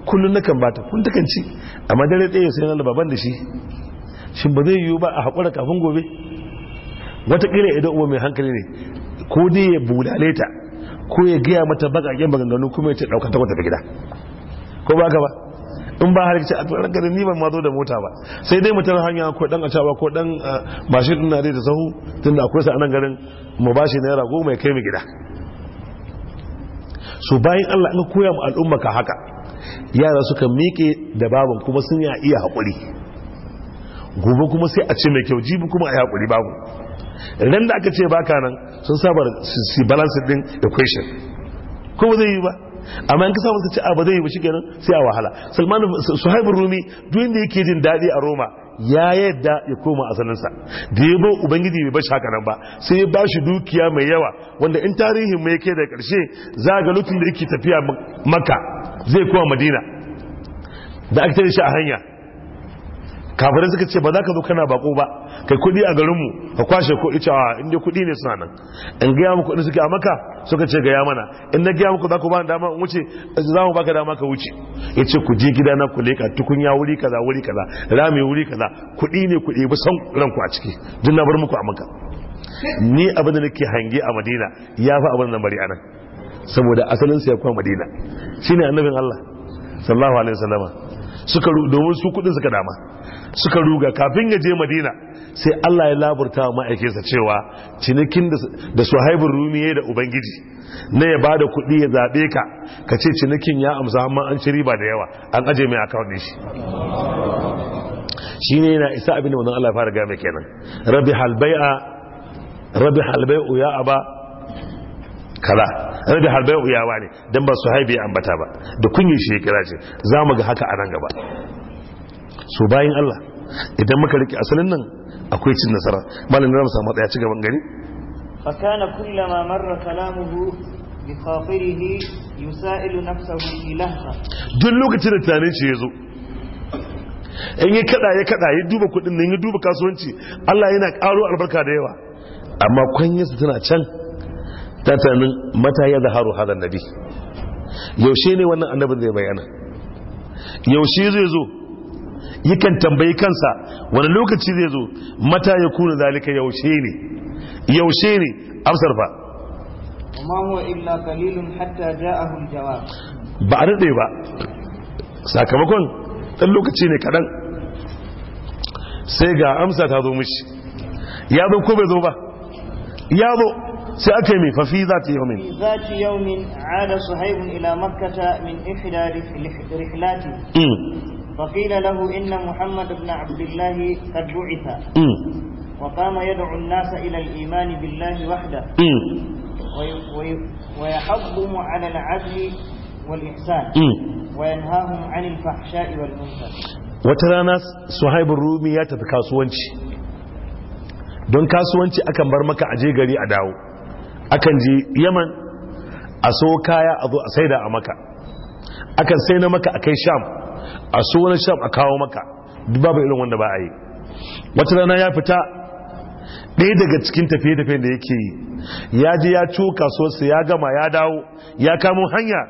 kullun nakan bata kun ta kanci amma dare ɗaya sai na baban da shi shin ba zai yiwu ba a haƙura kafin gobe watakila idan uwa mai hankali ne ko dai ya bulale ta ko ya gaya mata baƙaƙen maganganu kuma ya ce ɗauka ta wata gida ko ba ka ba in ba har ce a tsoron garin ni ban ma zo da mota ba sai dai mutum hanya ko dan acaba ko dan ah, mashin din nare da sahu tunda akwai sa anan garin mu bashi naira goma ya kai mu gida su bayan Allah in koya mu al'umma ka haka yara suka miƙe da baban kuma sun ya iya haƙuri gobe kuma sai a ce mai kyau jibi kuma a yi haƙuri babu ran da aka ce baka nan sun saba su balance din equation ba zai yi ba amma in ka samu a ce a ba zai yi ba shikenan sai a wahala salman Suhaibu rumi duk inda yake jin daɗi a roma ya yadda ya koma asalinsa da ya bar ubangiji bai bashi haka nan ba sai ya bashi dukiya mai yawa wanda in tarihin mai ke da karshe za ga lokacin da yake tafiya maka zai koma madina da aka tare shi a hanya kafirai suka ce ba za ka zo kana bako ba kai kudi a garinmu ka kwashe kudi cewa inda kudi ne suna nan in gaya muku kudi suke a maka suka ce gaya mana in na gaya muku za ku ba dama in wuce za mu baka dama ka wuce ya ce ku je gida na ku leka tukunya wuri kaza wuri kaza rami wuri kaza kudi ne kudi ba san ranku a ciki duk na bar muku a maka ni abin da nake hange a madina ya fi abin da bari a nan saboda asalin sa ya kuma madina shine annabin Allah sallallahu alaihi wasallama suka domin su kudin suka dama suka ruga kafin ya je madina sai Allah ya laburta wa ma'aikinsa cewa cinikin da suhaibin rumi da ubangiji na ya ba da kuɗi ya zaɓe ka ka ce cinikin ya amsa amma an ci riba da yawa an aje mai akawun ɗin shi shi ne yana isa abin da manzon Allah fara game kenan rabi halbai'a rabi halbai'u ya aba kaza annabi harbai uyawa ne dan ba su haibe ambata ba da kunyin shi kira ce za mu ga haka a nan gaba so bayin Allah idan muka rike asalin nan akwai cin nasara malamin zamu samu tsaya ci gaban gari fa kana kullama marra kalamuhu bi khafirihi yusailu nafsahu ilaha duk lokacin da tunanin shi yazo in ya kada ya kada ya duba kudin nan ya duba kasuwanci Allah yana karo albarka da yawa amma kwanyarsa tana can ta tunanin mata ya zaharu hadar nabi yaushe ne wannan annabin zai bayyana yaushe zai zo yakan tambayi kansa wani lokaci zai zo mata ya kuna zalika yaushe ne yaushe ne amsar fa ba a daɗe ba sakamakon ɗan lokaci ne kaɗan sai ga amsa ta zo mishi ya zo ko bai zo ba ya zo sai aka yi mai fafi za ta yaumin za ta yaumin ada suhaibun ila makkata min ihda rihlati فقيل له إن محمد بن عبد الله قد بعث وقام يدعو الناس إلى الإيمان بالله وحده ويحضم على العدل والإحسان وينهاهم عن الفحشاء والمنكر وترى ناس صهيب الرومي يتبكى سوانشي don kasuwanci akan bar maka aje gari a dawo akan je yaman a so kaya a zo a saida a maka akan sai na maka a kai sham a so wani sham a kawo maka duk babu irin wanda ba a yi wata rana ya fita ɗaya daga cikin tafiye tafiye da yake yi ya je ya so kasuwarsa ya gama ya dawo ya kamo hanya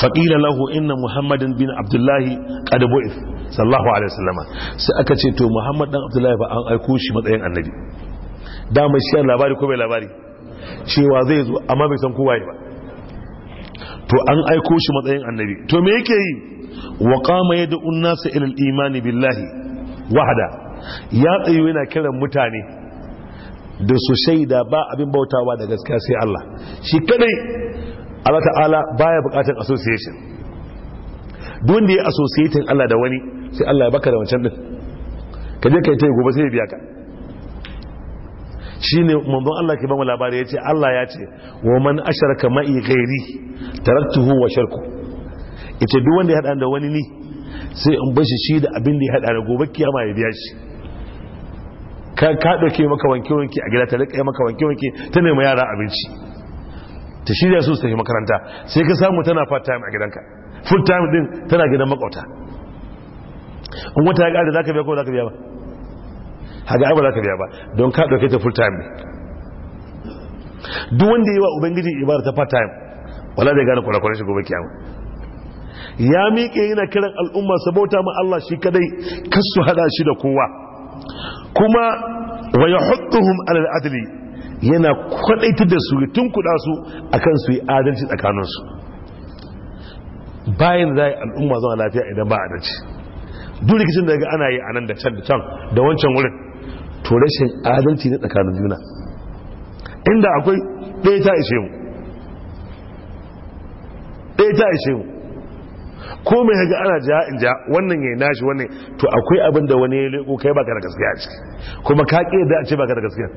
faƙila lahu inna muhammadin bin abdullahi ƙadabu'if sallahu alaihi wasallama sai aka ce to muhammad dan abdullahi ba an aiko shi matsayin annabi dama shi yana labari ko bai labari cewa zai zo amma bai san kowa ba to an aiko shi matsayin annabi to me yake yi wa qama yad'u an-nasa ila al-imani billahi wahda ya tsayo yana kiran mutane da su shaida ba abin bautawa da gaskiya sai Allah shi kadai Allah ta'ala baya bukatar association duk da ya association Allah da wani sai Allah ya baka da wancan din ka je kai tai gobe sai ya biya ka shine manzon Allah ke mu labari yace Allah ya ce wa man asharaka ma'i ghairi taraktuhu wa sharku ita duk wanda ya hada da wani ni sai in bashi shi da abin da ya hada da gobe kiyama ya biya shi ka ka dauke maka wanke wanke a gida ta rika maka wanke wanke ta nema yara abinci ta shirya su su tafi makaranta sai ka samu tana part time a gidanka full time din tana gidan makauta in wata ya kare zaka biya ko zaka biya ba haga ai ba za ka biya ba don ka ɗauke ta full time duk wanda yawa wa ubangiji ibar ta part time wala zai gane kwarakwarai shi gobe kiyama ya miƙe yana kiran al'umma sabota ma Allah shi kadai kasu hada shi da kowa kuma wa yahudduhum al'adari al'adli yana kwadaitar da su tun kuda su akan su yi adalci su bayan za yi al'umma zuwa lafiya idan ba adalci duk rikicin da ga ana yi anan da can da can da wancan wurin to rashin adalci na tsakanin juna inda akwai ɗaya ta ishe mu ɗaya ta ishe mu ko mai haga ana ja in ja wannan ya nashi wannan to akwai abin da wani ya leko kai baka da gaskiya a ciki kuma ka ƙi yadda a ce baka da gaskiya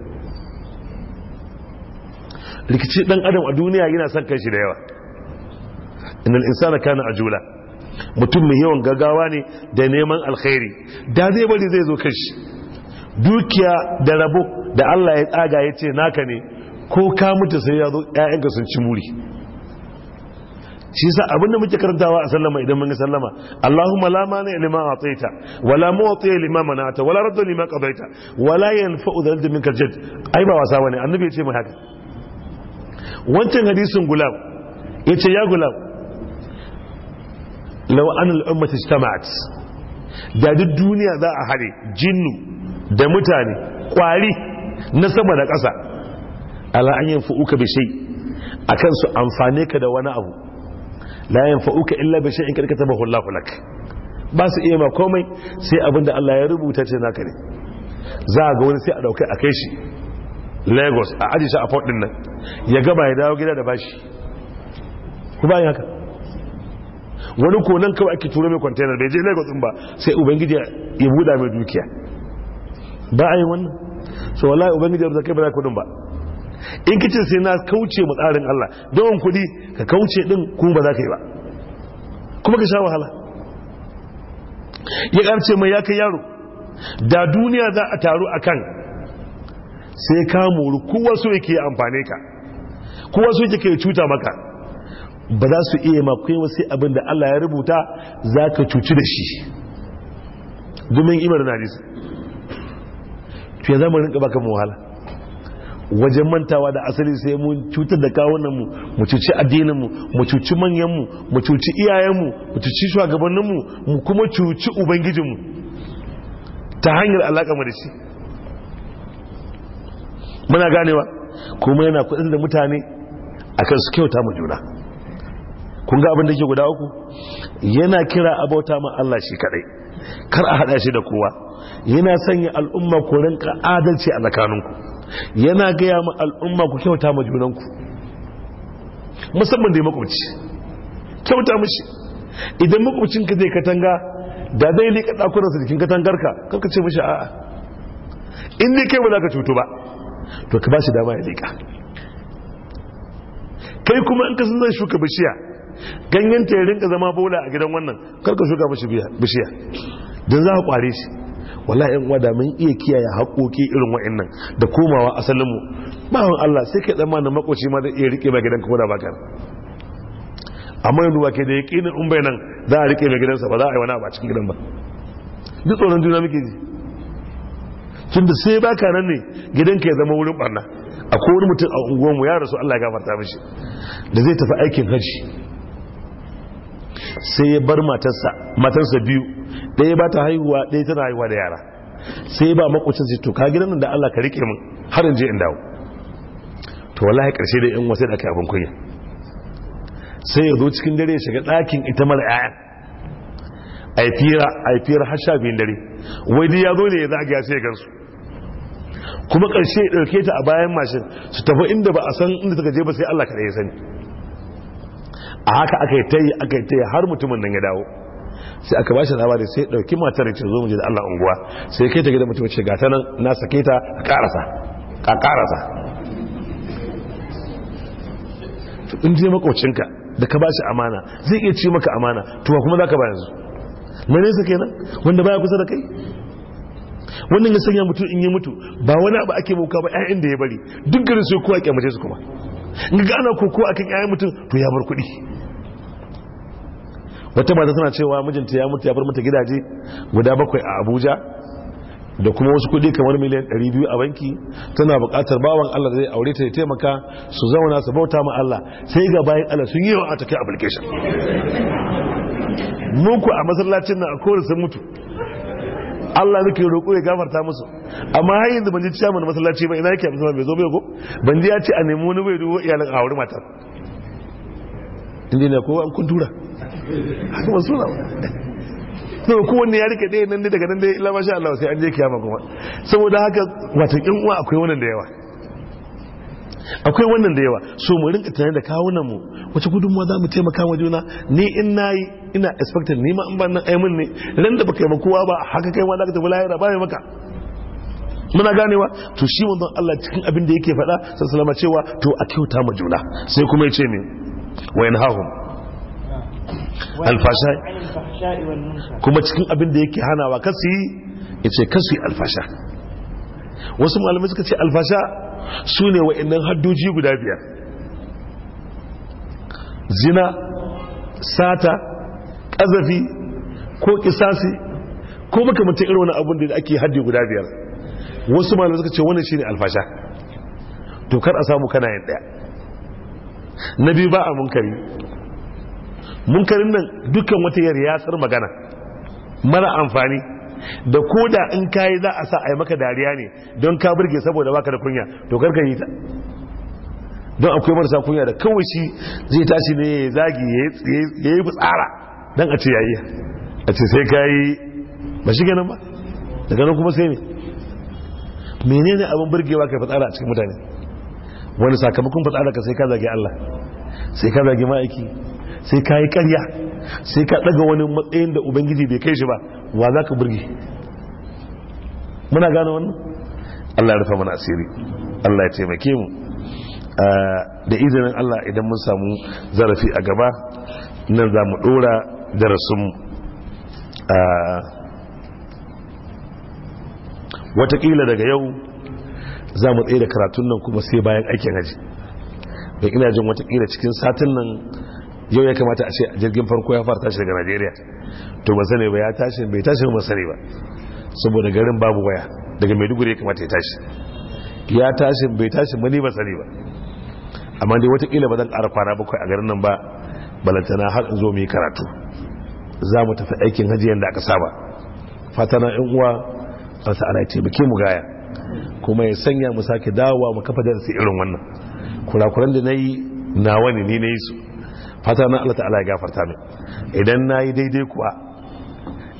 rikici ɗan adam a duniya yana son kai shi da yawa innal insana kana ajula mutum mai yawan gaggawa ne da neman alkhairi da zai bari zai zo kai shi dukiya da rabo da Allah ya tsaga ya ce naka ne ko ka mutu sai ya zo ƴaƴanka sun ci muri shi sa abin da muke karantawa a sallama idan mun yi sallama Allahumma la mani lima ataita wala mu'ti lima manata wala radda lima qadaita wala yanfa'u dhalika minka jadd ai ba wasa bane annabi ya ce mu haka wancan hadisin gulam yace ya gulam law an al ummati ijtama'at da duk duniya za a hare jinnu da mutane kwari na sama da ƙasa ala an yin fa'uka bi a a kansu amfane ka da wani abu la yin fa'uka illa bi in karkata ba hullahu ba su iya ma komai sai abinda Allah ya rubuta ce naka ne za ga wani sai a dauka a kai shi lagos a ajiyar a fadin nan ya gaba ya dawo gida da bashi ku bayan haka wani konon kawai ake tura mai kwantenar bai je lagos din ba sai ubangiji ya buda mai dukiya ba a yi wannan so wallahi ubangiji da kai ba za kudin ba in kace sai na kauce mu tsarin Allah don kudi ka kauce din ku ba za ka yi ba kuma ka sha wahala ya karce mai ya kai yaro da duniya za a taru akan sai ka muru kowa so yake amfane ka kowa so yake cuta maka ba za su iya makwai wasu abin da Allah ya rubuta za ka cuci da shi domin imar na to ya zama rinka baka wahala wajen mantawa da asali sai mun cutar da kawunan mu mu cuci addinin mu mu cuci manyan mu mu cuci iyayen mu mu cuci shugabannin mu mu kuma cuci ubangijin mu ta hanyar alaka mu da shi muna ganewa kuma yana kudin da mutane akan su kyauta mu juna kun ga abin ke guda uku yana kira abauta ma Allah shi kadai kar a hada shi da kowa yana sanya al'umma ku rinka adalci a tsakaninku yana gaya ma al'umma ku kyauta ma junanku musamman da ya makwabci kyauta mishi idan makwabcinka zai katanga da zai liƙa su jikin katangarka kanka ce mashi a'a in dai kai ba za ka cutu ba to ka ba shi dama ya liƙa kai kuma in ka sun zai shuka bishiya ganyen ta ya rinka zama bola a gidan wannan karka shuka mashi bishiya don za a kware shi wala yan wada mun iya kiyaye haƙoƙi irin wa'annan da komawa asalin mu bawan Allah sai kai dan mana makoci ma da iya rike ba gidanka ko da baka amma yanzu wake da yaƙinin in bai nan za a rike mai gidansa ba za a yi wani a cikin gidan ba duk tsoron juna muke ji tunda sai baka nan ne gidanka ya zama wurin barna akwai wani mutum a unguwanmu ya rasu Allah ya gafarta mishi da zai tafi aikin hajji sai ya bar matarsa matarsa biyu ɗaya ba ta haihuwa ɗaya tana haihuwa da yara sai ba makwacin sai to ka gidan da Allah ka rike min har in je in dawo to wallahi karshe da yan wasu da kai abin kunya sai ya cikin dare ya shiga ɗakin ita mara ƴaƴan ai fira ai fira har sha biyun dare wai dai ya zo ne ya zagaya sai ya gansu kuma karshe ya ɗauke ta a bayan mashin su tafi inda ba a san inda suka je ba sai Allah kaɗai ya sani a haka aka yi ta yi har mutumin nan ya dawo sai aka bashi labari sai dauki matar ce zo muje da Allah unguwa sai kai ta gidan mutum ce gata nan na sake ta a karasa ka karasa in je makocinka da ka bashi amana zai iya ci maka amana to kuma zaka ba yanzu ne nesa kenan wanda baya kusa da kai wannan ya sanya mutum in yi mutu ba wani abu ake boka ba 'ya'yan da ya bari duk garin sai kowa kyamace su kuma in ga ana kokowa akan 'ya'yan mutum to ya bar kuɗi wata mata suna cewa mijinta ya mutu ya bar mata gidaje guda bakwai a abuja da kuma wasu kudi kamar miliyan 200 a banki tana buƙatar bawan allah zai aure ta ya taimaka su zauna su bauta ma allah sai ga bayan allah sun yi yawan a take application muku a masallacin na a kowane sun mutu Allah nake roƙo ya gafarta musu amma har yanzu ban ji mana masallaci ba ina yake amsa bai zo bai ko ban ji ya ce a nemi wani bai dubo iyalan a wuri matar inda ne ko an kun tura ba suna ba to ko wanda ya rike dai nan dai daga nan dai illa masha Allah sai an je kiyama kuma saboda haka wata kin uwa akwai wannan da yawa akwai wannan da yawa so mu rinka tare da kawunan mu wace gudunmuwa za mu taimaka wa juna ni in nayi ina expected ni ma an ban nan ai mun ne ran da baka yi kowa ba haka kai ma za ka tafi lahira ba mai maka muna ganewa to shi wannan Allah cikin abin da yake faɗa sallallahu alaihi cewa to a kyauta ma juna sai kuma ya ce ne wa yanhahum alfasha kuma cikin abin da yake hanawa yi, ya ce yi alfasha wasu malamai suka ce alfasha su ne wa'annan haddoji guda biyar zina sata ƙazafi ko ƙisasi ko makamantar irin wani abin da ake haddi guda biyar wasu malamai suka ce wani shi ne alfasha to a samu kana yin ɗaya na biyu ba a munkari munkarin nan dukkan wata yari ya yariyasar magana mara amfani da ko da in kayi za a sa a yi maka dariya ne don ka burge saboda baka da kunya to karka yi ta don akwai marasa kunya da kawai shi zai tashi ne ya zagi ya yi tsara don a ce yayi a ce sai ka yi ba shi ganin ba daga nan kuma sai ne menene abin burgewa ka fatsara a cikin mutane wani sakamakon fatsara ka sai ka zagi Allah sai ka zagi ma'aiki sai ka yi karya sai ka daga wani matsayin da ubangiji bai kai shi ba wa za ka burge muna gane wannan allah ya rufa mana asiri allah ya taimake mu ah, da izinin allah idan mun samu zarafi a gaba nan za mu dora darasinmu ah, watakila daga yau za mu tsaye da karatun nan kuma sai bayan aikin haji don ina jin watakila cikin satin nan yau ya kamata a ce jirgin farko ya fara tashi daga najeriya to ba sani ba ya tashi bai tashi ba sani ba saboda garin babu waya daga maiduguri ya kamata ya tashi ya tashi bai tashi ba ni ba sani ba amma dai watakila ba zan ƙara kwana bakwai a garin nan ba balantana har in zo mu yi karatu za mu tafi aikin hajji yadda aka saba fata na yan uwa Allah ana ya buke mu gaya kuma ya sanya mu sake dawowa mu kafa darasi irin wannan kurakuran da nayi nawa ne ni nayi su fata na Allah ta'ala ya gafarta min idan nayi daidai kuwa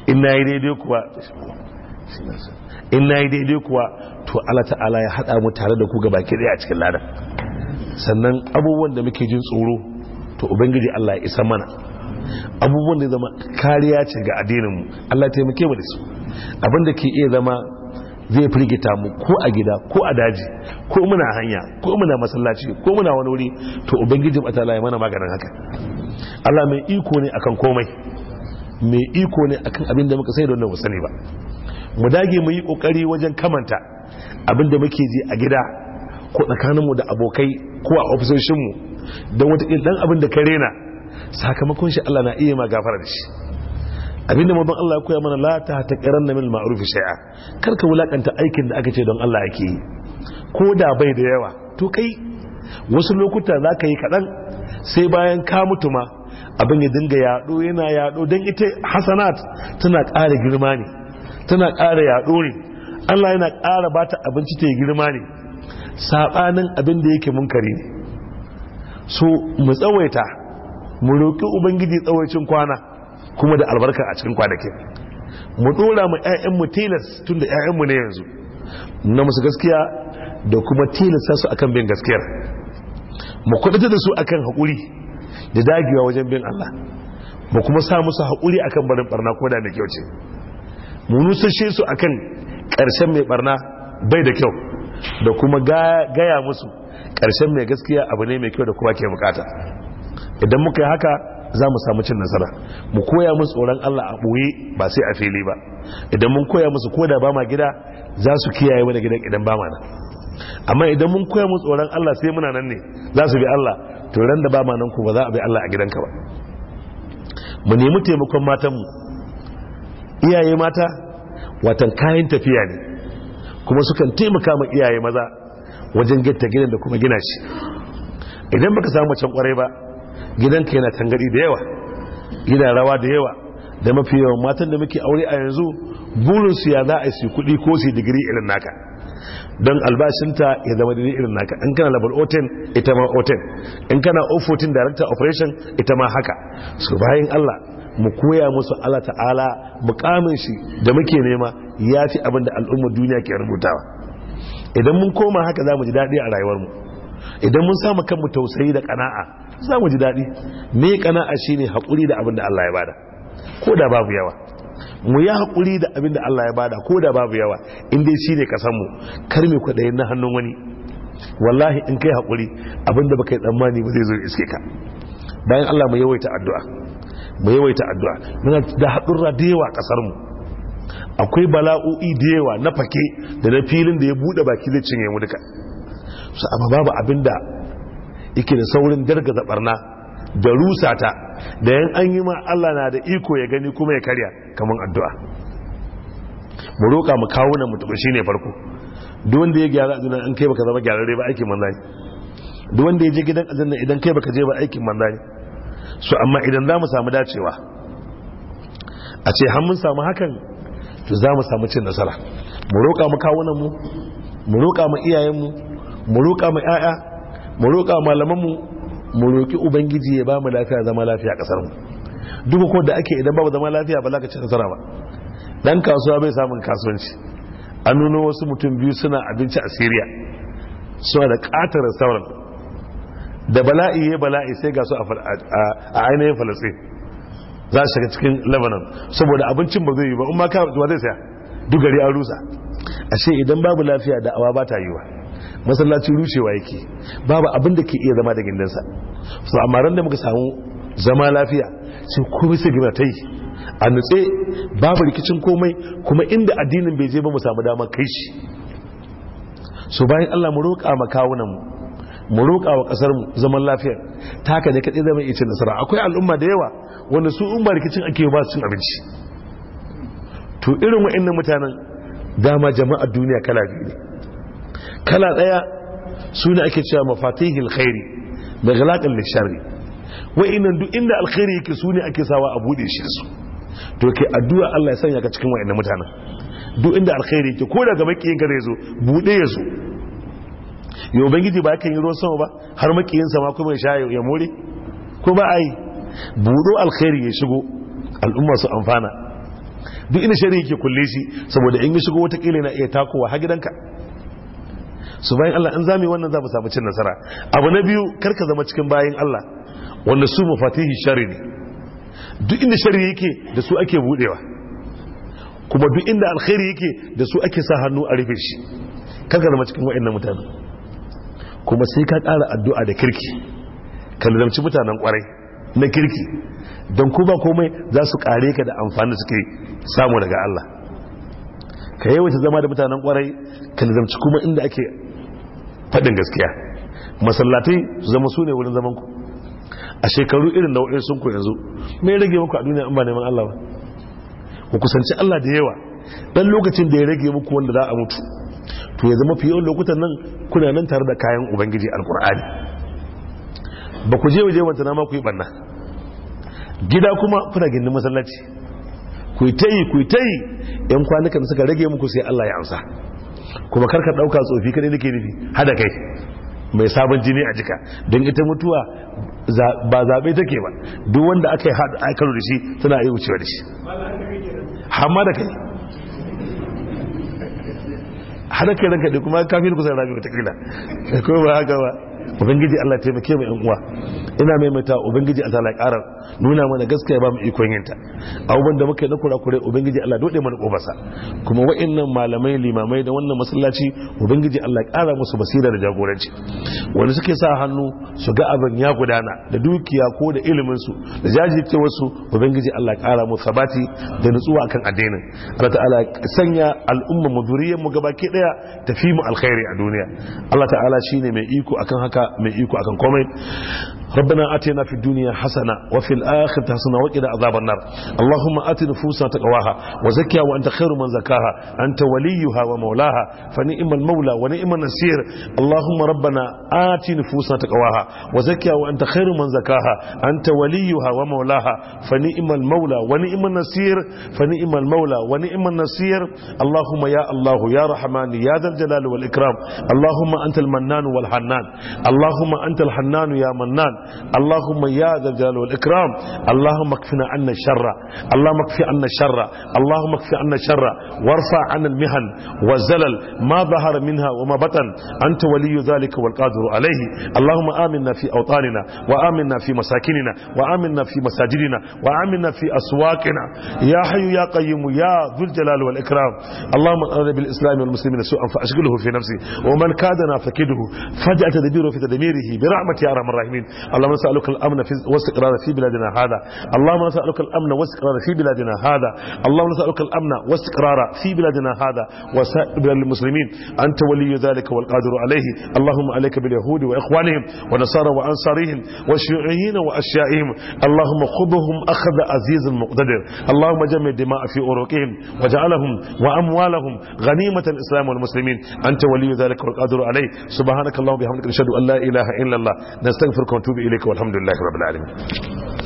in nayi daidai kuwa in nayi daidai kuwa to Allah ta'ala ya hada mu tare da ku ga baki a cikin ladan sannan abubuwan da muke jin tsoro to ubangiji Allah ya isa mana abubuwan da zama kariya ce ga addinin mu. Allah taimake mu da su abinda ke iya zama zai firgita mu ko a gida ko a daji ko muna hanya ko muna masallaci ko muna wani wuri to ubangiji ba ta mana maganin haka Allah mai iko ne akan komai mai iko ne akan abin da muka sai don mu sani ba mu dage mu yi kokari wajen kamanta abin da muke ji a gida ko mu da abokai ko a ofisoshinmu don wata dan abin da ka rena sakamakon shi Allah na iya ma gafara da shi abinda don Allah ya koya mana la ta na mil ma'ruf shay'a karka wulakanta aikin da aka ce don Allah yake yi ko da bai da yawa to kai wasu lokuta za ka yi kaɗan sai bayan ka mutu ma abin ya dinga yaɗo yana yaɗo don ita hasanat tana ƙara girma ne tana ƙara yaɗo ne Allah yana ƙara ba ta abinci ta girma ne saɓanin abin da yake munkari ne so mu tsawaita mu roƙi ubangiji tsawaicin kwana kuma da albarka a cikin kwanakin mu dora mu ƴaƴanmu tilas tun da ƴaƴanmu ne yanzu na musu gaskiya da kuma tilasta su akan bin gaskiyar mu kudata da su akan hakuri da dagewa wajen bin Allah mu kuma sa musu hakuri akan barin barna ko da da kyau ce mu nusashe su akan ƙarshen mai barna bai da kyau da kuma gaya musu ƙarshen mai gaskiya abu ne mai kyau da kuma ke bukata idan muka yi haka za mu samu cin nasara mu koya musu tsoron Allah a ɓoye ba sai a fili ba idan mun koya musu ko da ba ma gida za su kiyaye wani gidan idan ba ma nan amma idan mun koya musu tsoron Allah sai muna nan ne za su bi Allah to ran da ba ma nan ku ba za a bi Allah a gidanka ba mu nemi taimakon matanmu iyaye mata watan kayan tafiya ne kuma sukan taimaka ma iyaye maza wajen getta gidan da kuma gina shi idan baka samu can kwarai ba gidanka yana tangari da yawa gidan rawa da yawa da mafi yawan matan da muke aure a yanzu su ya za a su kuɗi ko su digiri irin naka don albashinta ya zama digiri irin naka in kana level 10 ita ma 10 in kana 014 director operation ita ma haka su bayan allah mu koya musu allah ta'ala mukamin shi da muke nema ya fi abin da al'ummar duniya ke rubutawa idan mun koma haka za mu ji daɗi a rayuwarmu idan mun samu kanmu tausayi da ƙana'a za mu ji daɗi Me kana'a shi ne haƙuri da abin da Allah ya bada ko da babu yawa mu yi haƙuri da abin da Allah ya bada ko da babu yawa in dai shi ne mu kar mai kwaɗayin na hannun wani wallahi in kai haƙuri abin da baka kai tsammani ba zai zo iske ka bayan Allah mu yawaita addu'a mu yawaita addu'a muna da haɗurra da yawa ƙasar mu akwai bala'o'i da yawa na fake da na filin da ya buɗe baki zai cinye mu duka su amma babu abin yake da saurin dargaza barna da rusa ta da yan an yi ma Allah na da iko ya gani kuma ya karya kamar addu'a mu roƙa mu kawo nan mu tafi shine farko duk wanda ya gyara azuna an kai baka zama gyararre ba aikin manzo ne duk wanda ya je gidan aljanna idan kai baka je ba aikin manzo ne so amma idan za mu samu dacewa a ce har mun samu hakan to za mu samu cin nasara mu roƙa mu kawo nan mu mu roƙa mu iyayen mu mu roƙa mu 'ya'ya mu roƙa malamanmu mu roƙi ubangiji ya ba mu lafiya zama lafiya a ƙasarmu duk ko da ake idan babu zama lafiya ba za ka ci nasara ba dan kasuwa bai samun kasuwanci an nuna wasu mutum biyu suna abinci a syria suna da ƙatar restaurant da bala'i ya bala'i sai ga su a ainihin falasai za su shiga cikin lebanon saboda abincin ba zai yi ba in ma zai saya dugari gari an rusa ashe idan babu lafiya da awa ba ta yi wa? masallaci rushewa yake babu abin da ke iya zama da gindinsa su amma ran da muka samu zama lafiya sai komai sai gina ta yi a nutse babu rikicin komai kuma inda addinin bai je ba mu samu damar kai shi su bayan Allah mu roƙa ma kawunan mu mu roƙa wa ƙasar mu zaman lafiya ta ka ne kaɗai zama iya cin nasara akwai al'umma da yawa wanda su umma rikicin ake ba su cin abinci to irin wa'annan mutanen dama jama'ar duniya kala biyu ne kala daya su ne ake cewa mafatihil khairi da ghalaqal lishari inan duk inda alkhairi yake su ne ake sawa a bude shi su to ke addu'a Allah ya sanya ka cikin wa'annan mutanen duk inda alkhairi yake ko daga makiyin ka zai zo bude ya zo yau bangiji ba kan yi ruwan sama ba har makiyin ma kuma ya sha ya more ko ba a yi buɗo alkhairi ya shigo al'umma su amfana duk inda shari'a ke kulle shi saboda in ya shigo watakila na iya takowa ha gidanka su bayan Allah in za wannan za mu samu cin nasara abu na biyu karka zama cikin bayan Allah wanda su mafatihi shari ne duk inda shari yake da su ake budewa kuma duk inda alkhairi yake da su ake sa hannu a rufe shi karka zama cikin wa'annan mutane kuma sai ka ƙara addu'a da kirki ka nazarci mutanen kwarai na kirki don kuma ba komai za su kare ka da amfani suke samu daga Allah ka yi wata zama da mutanen kwarai ka nazamci kuma inda ake faɗin gaskiya masallatai su zama su ne wurin zaman ku a shekaru irin da wa'in sun ku yanzu mai rage muku a duniya an ba neman Allah ba ku kusanci Allah da yawa dan lokacin da ya rage muku wanda za a mutu to ya zama fiye lokutan nan kuna nan tare da kayan ubangiji alkur'ani ba ku je waje wata nama ku yi banna gida kuma kuna gindin masallaci ku yi ta yi ku yi ta yi yan kwanukan suka rage muku sai Allah ya amsa kuma karka ɗauka tsofi kadai nake nufi hada kai mai sabon jini a jika don ita mutuwa ba zaɓe take ba duk wanda aka yi haɗa da shi tana yi wucewa da shi hamma da kai hada kai ranka da kuma kafin kusan rami wata kila da kuma ba haka ba ubangiji Allah taimake mu yan uwa ina maimaita ubangiji Allah la karar nuna mana gaskiya ba mu ikon yinta abubuwan da muka yi na kura ubangiji Allah dole mana kobasa kuma wa'annan malamai limamai da wannan masallaci ubangiji Allah ƙara musu basira da jagoranci wanda suke sa hannu su ga abin ya gudana da dukiya ko da ilimin su da jajircewar su ubangiji Allah ƙara musu sabati da nutsuwa akan addinin Allah ta'ala sanya al'umma mu zuriyar mu gabaki daya tafi mu alkhairi a duniya Allah ta'ala shine mai iko akan haka haka mai iko akan komai ربنا آتنا في الدنيا حسنة وفي الآخرة حسنة وقنا عذاب النار اللهم آت نفوسنا تقواها وزكها وأنت خير من زكاها أنت وليها ومولاها فنئم المولى ونئم النصير اللهم ربنا آت نفوسنا تقواها وزكها وأنت خير من زكاها أنت وليها ومولاها فنئم المولى ونئم النصير فنئم المولى ونئم النصير اللهم يا الله يا رحمن يا ذا الجلال والإكرام اللهم أنت المنان والحنان اللهم أنت الحنان يا منان اللهم يا ذا الجلال والإكرام اللهم اكفنا عنا الشر اللهم اكفي عنا الشر اللهم اكفي عنا الشر وارفع عنا المهن والزلل ما ظهر منها وما بطن أنت ولي ذلك والقادر عليه اللهم آمنا في أوطاننا وآمنا في مساكننا وآمنا في مساجدنا وآمنا في أسواقنا يا حي يا قيوم يا ذو الجلال والإكرام اللهم أرد بالإسلام والمسلمين سوءا فأشغله في نفسي ومن كادنا فكده فجأة تدبيره في تدميره برحمة يا رحم الراحمين اللهم نسألك الأمن واستقرار في بلادنا هذا اللهم نسألك الأمن واستقرار في بلادنا هذا اللهم نسألك الأمن واستقرار في بلادنا هذا وسائر المسلمين أنت ولي ذلك والقادر عليه اللهم عليك باليهود وإخوانهم ونصارى وأنصارهم وشيوعيين وأشيائهم اللهم خذهم أخذ عزيز مقتدر اللهم جمع الدماء في أوروكهم وجعلهم وأموالهم غنيمة الإسلام والمسلمين أنت ولي ذلك والقادر عليه سبحانك اللهم بحمدك نشهد أن la ilaha illallah nastaghfiruka wa atubu ilaika walhamdulillahi rabil alamin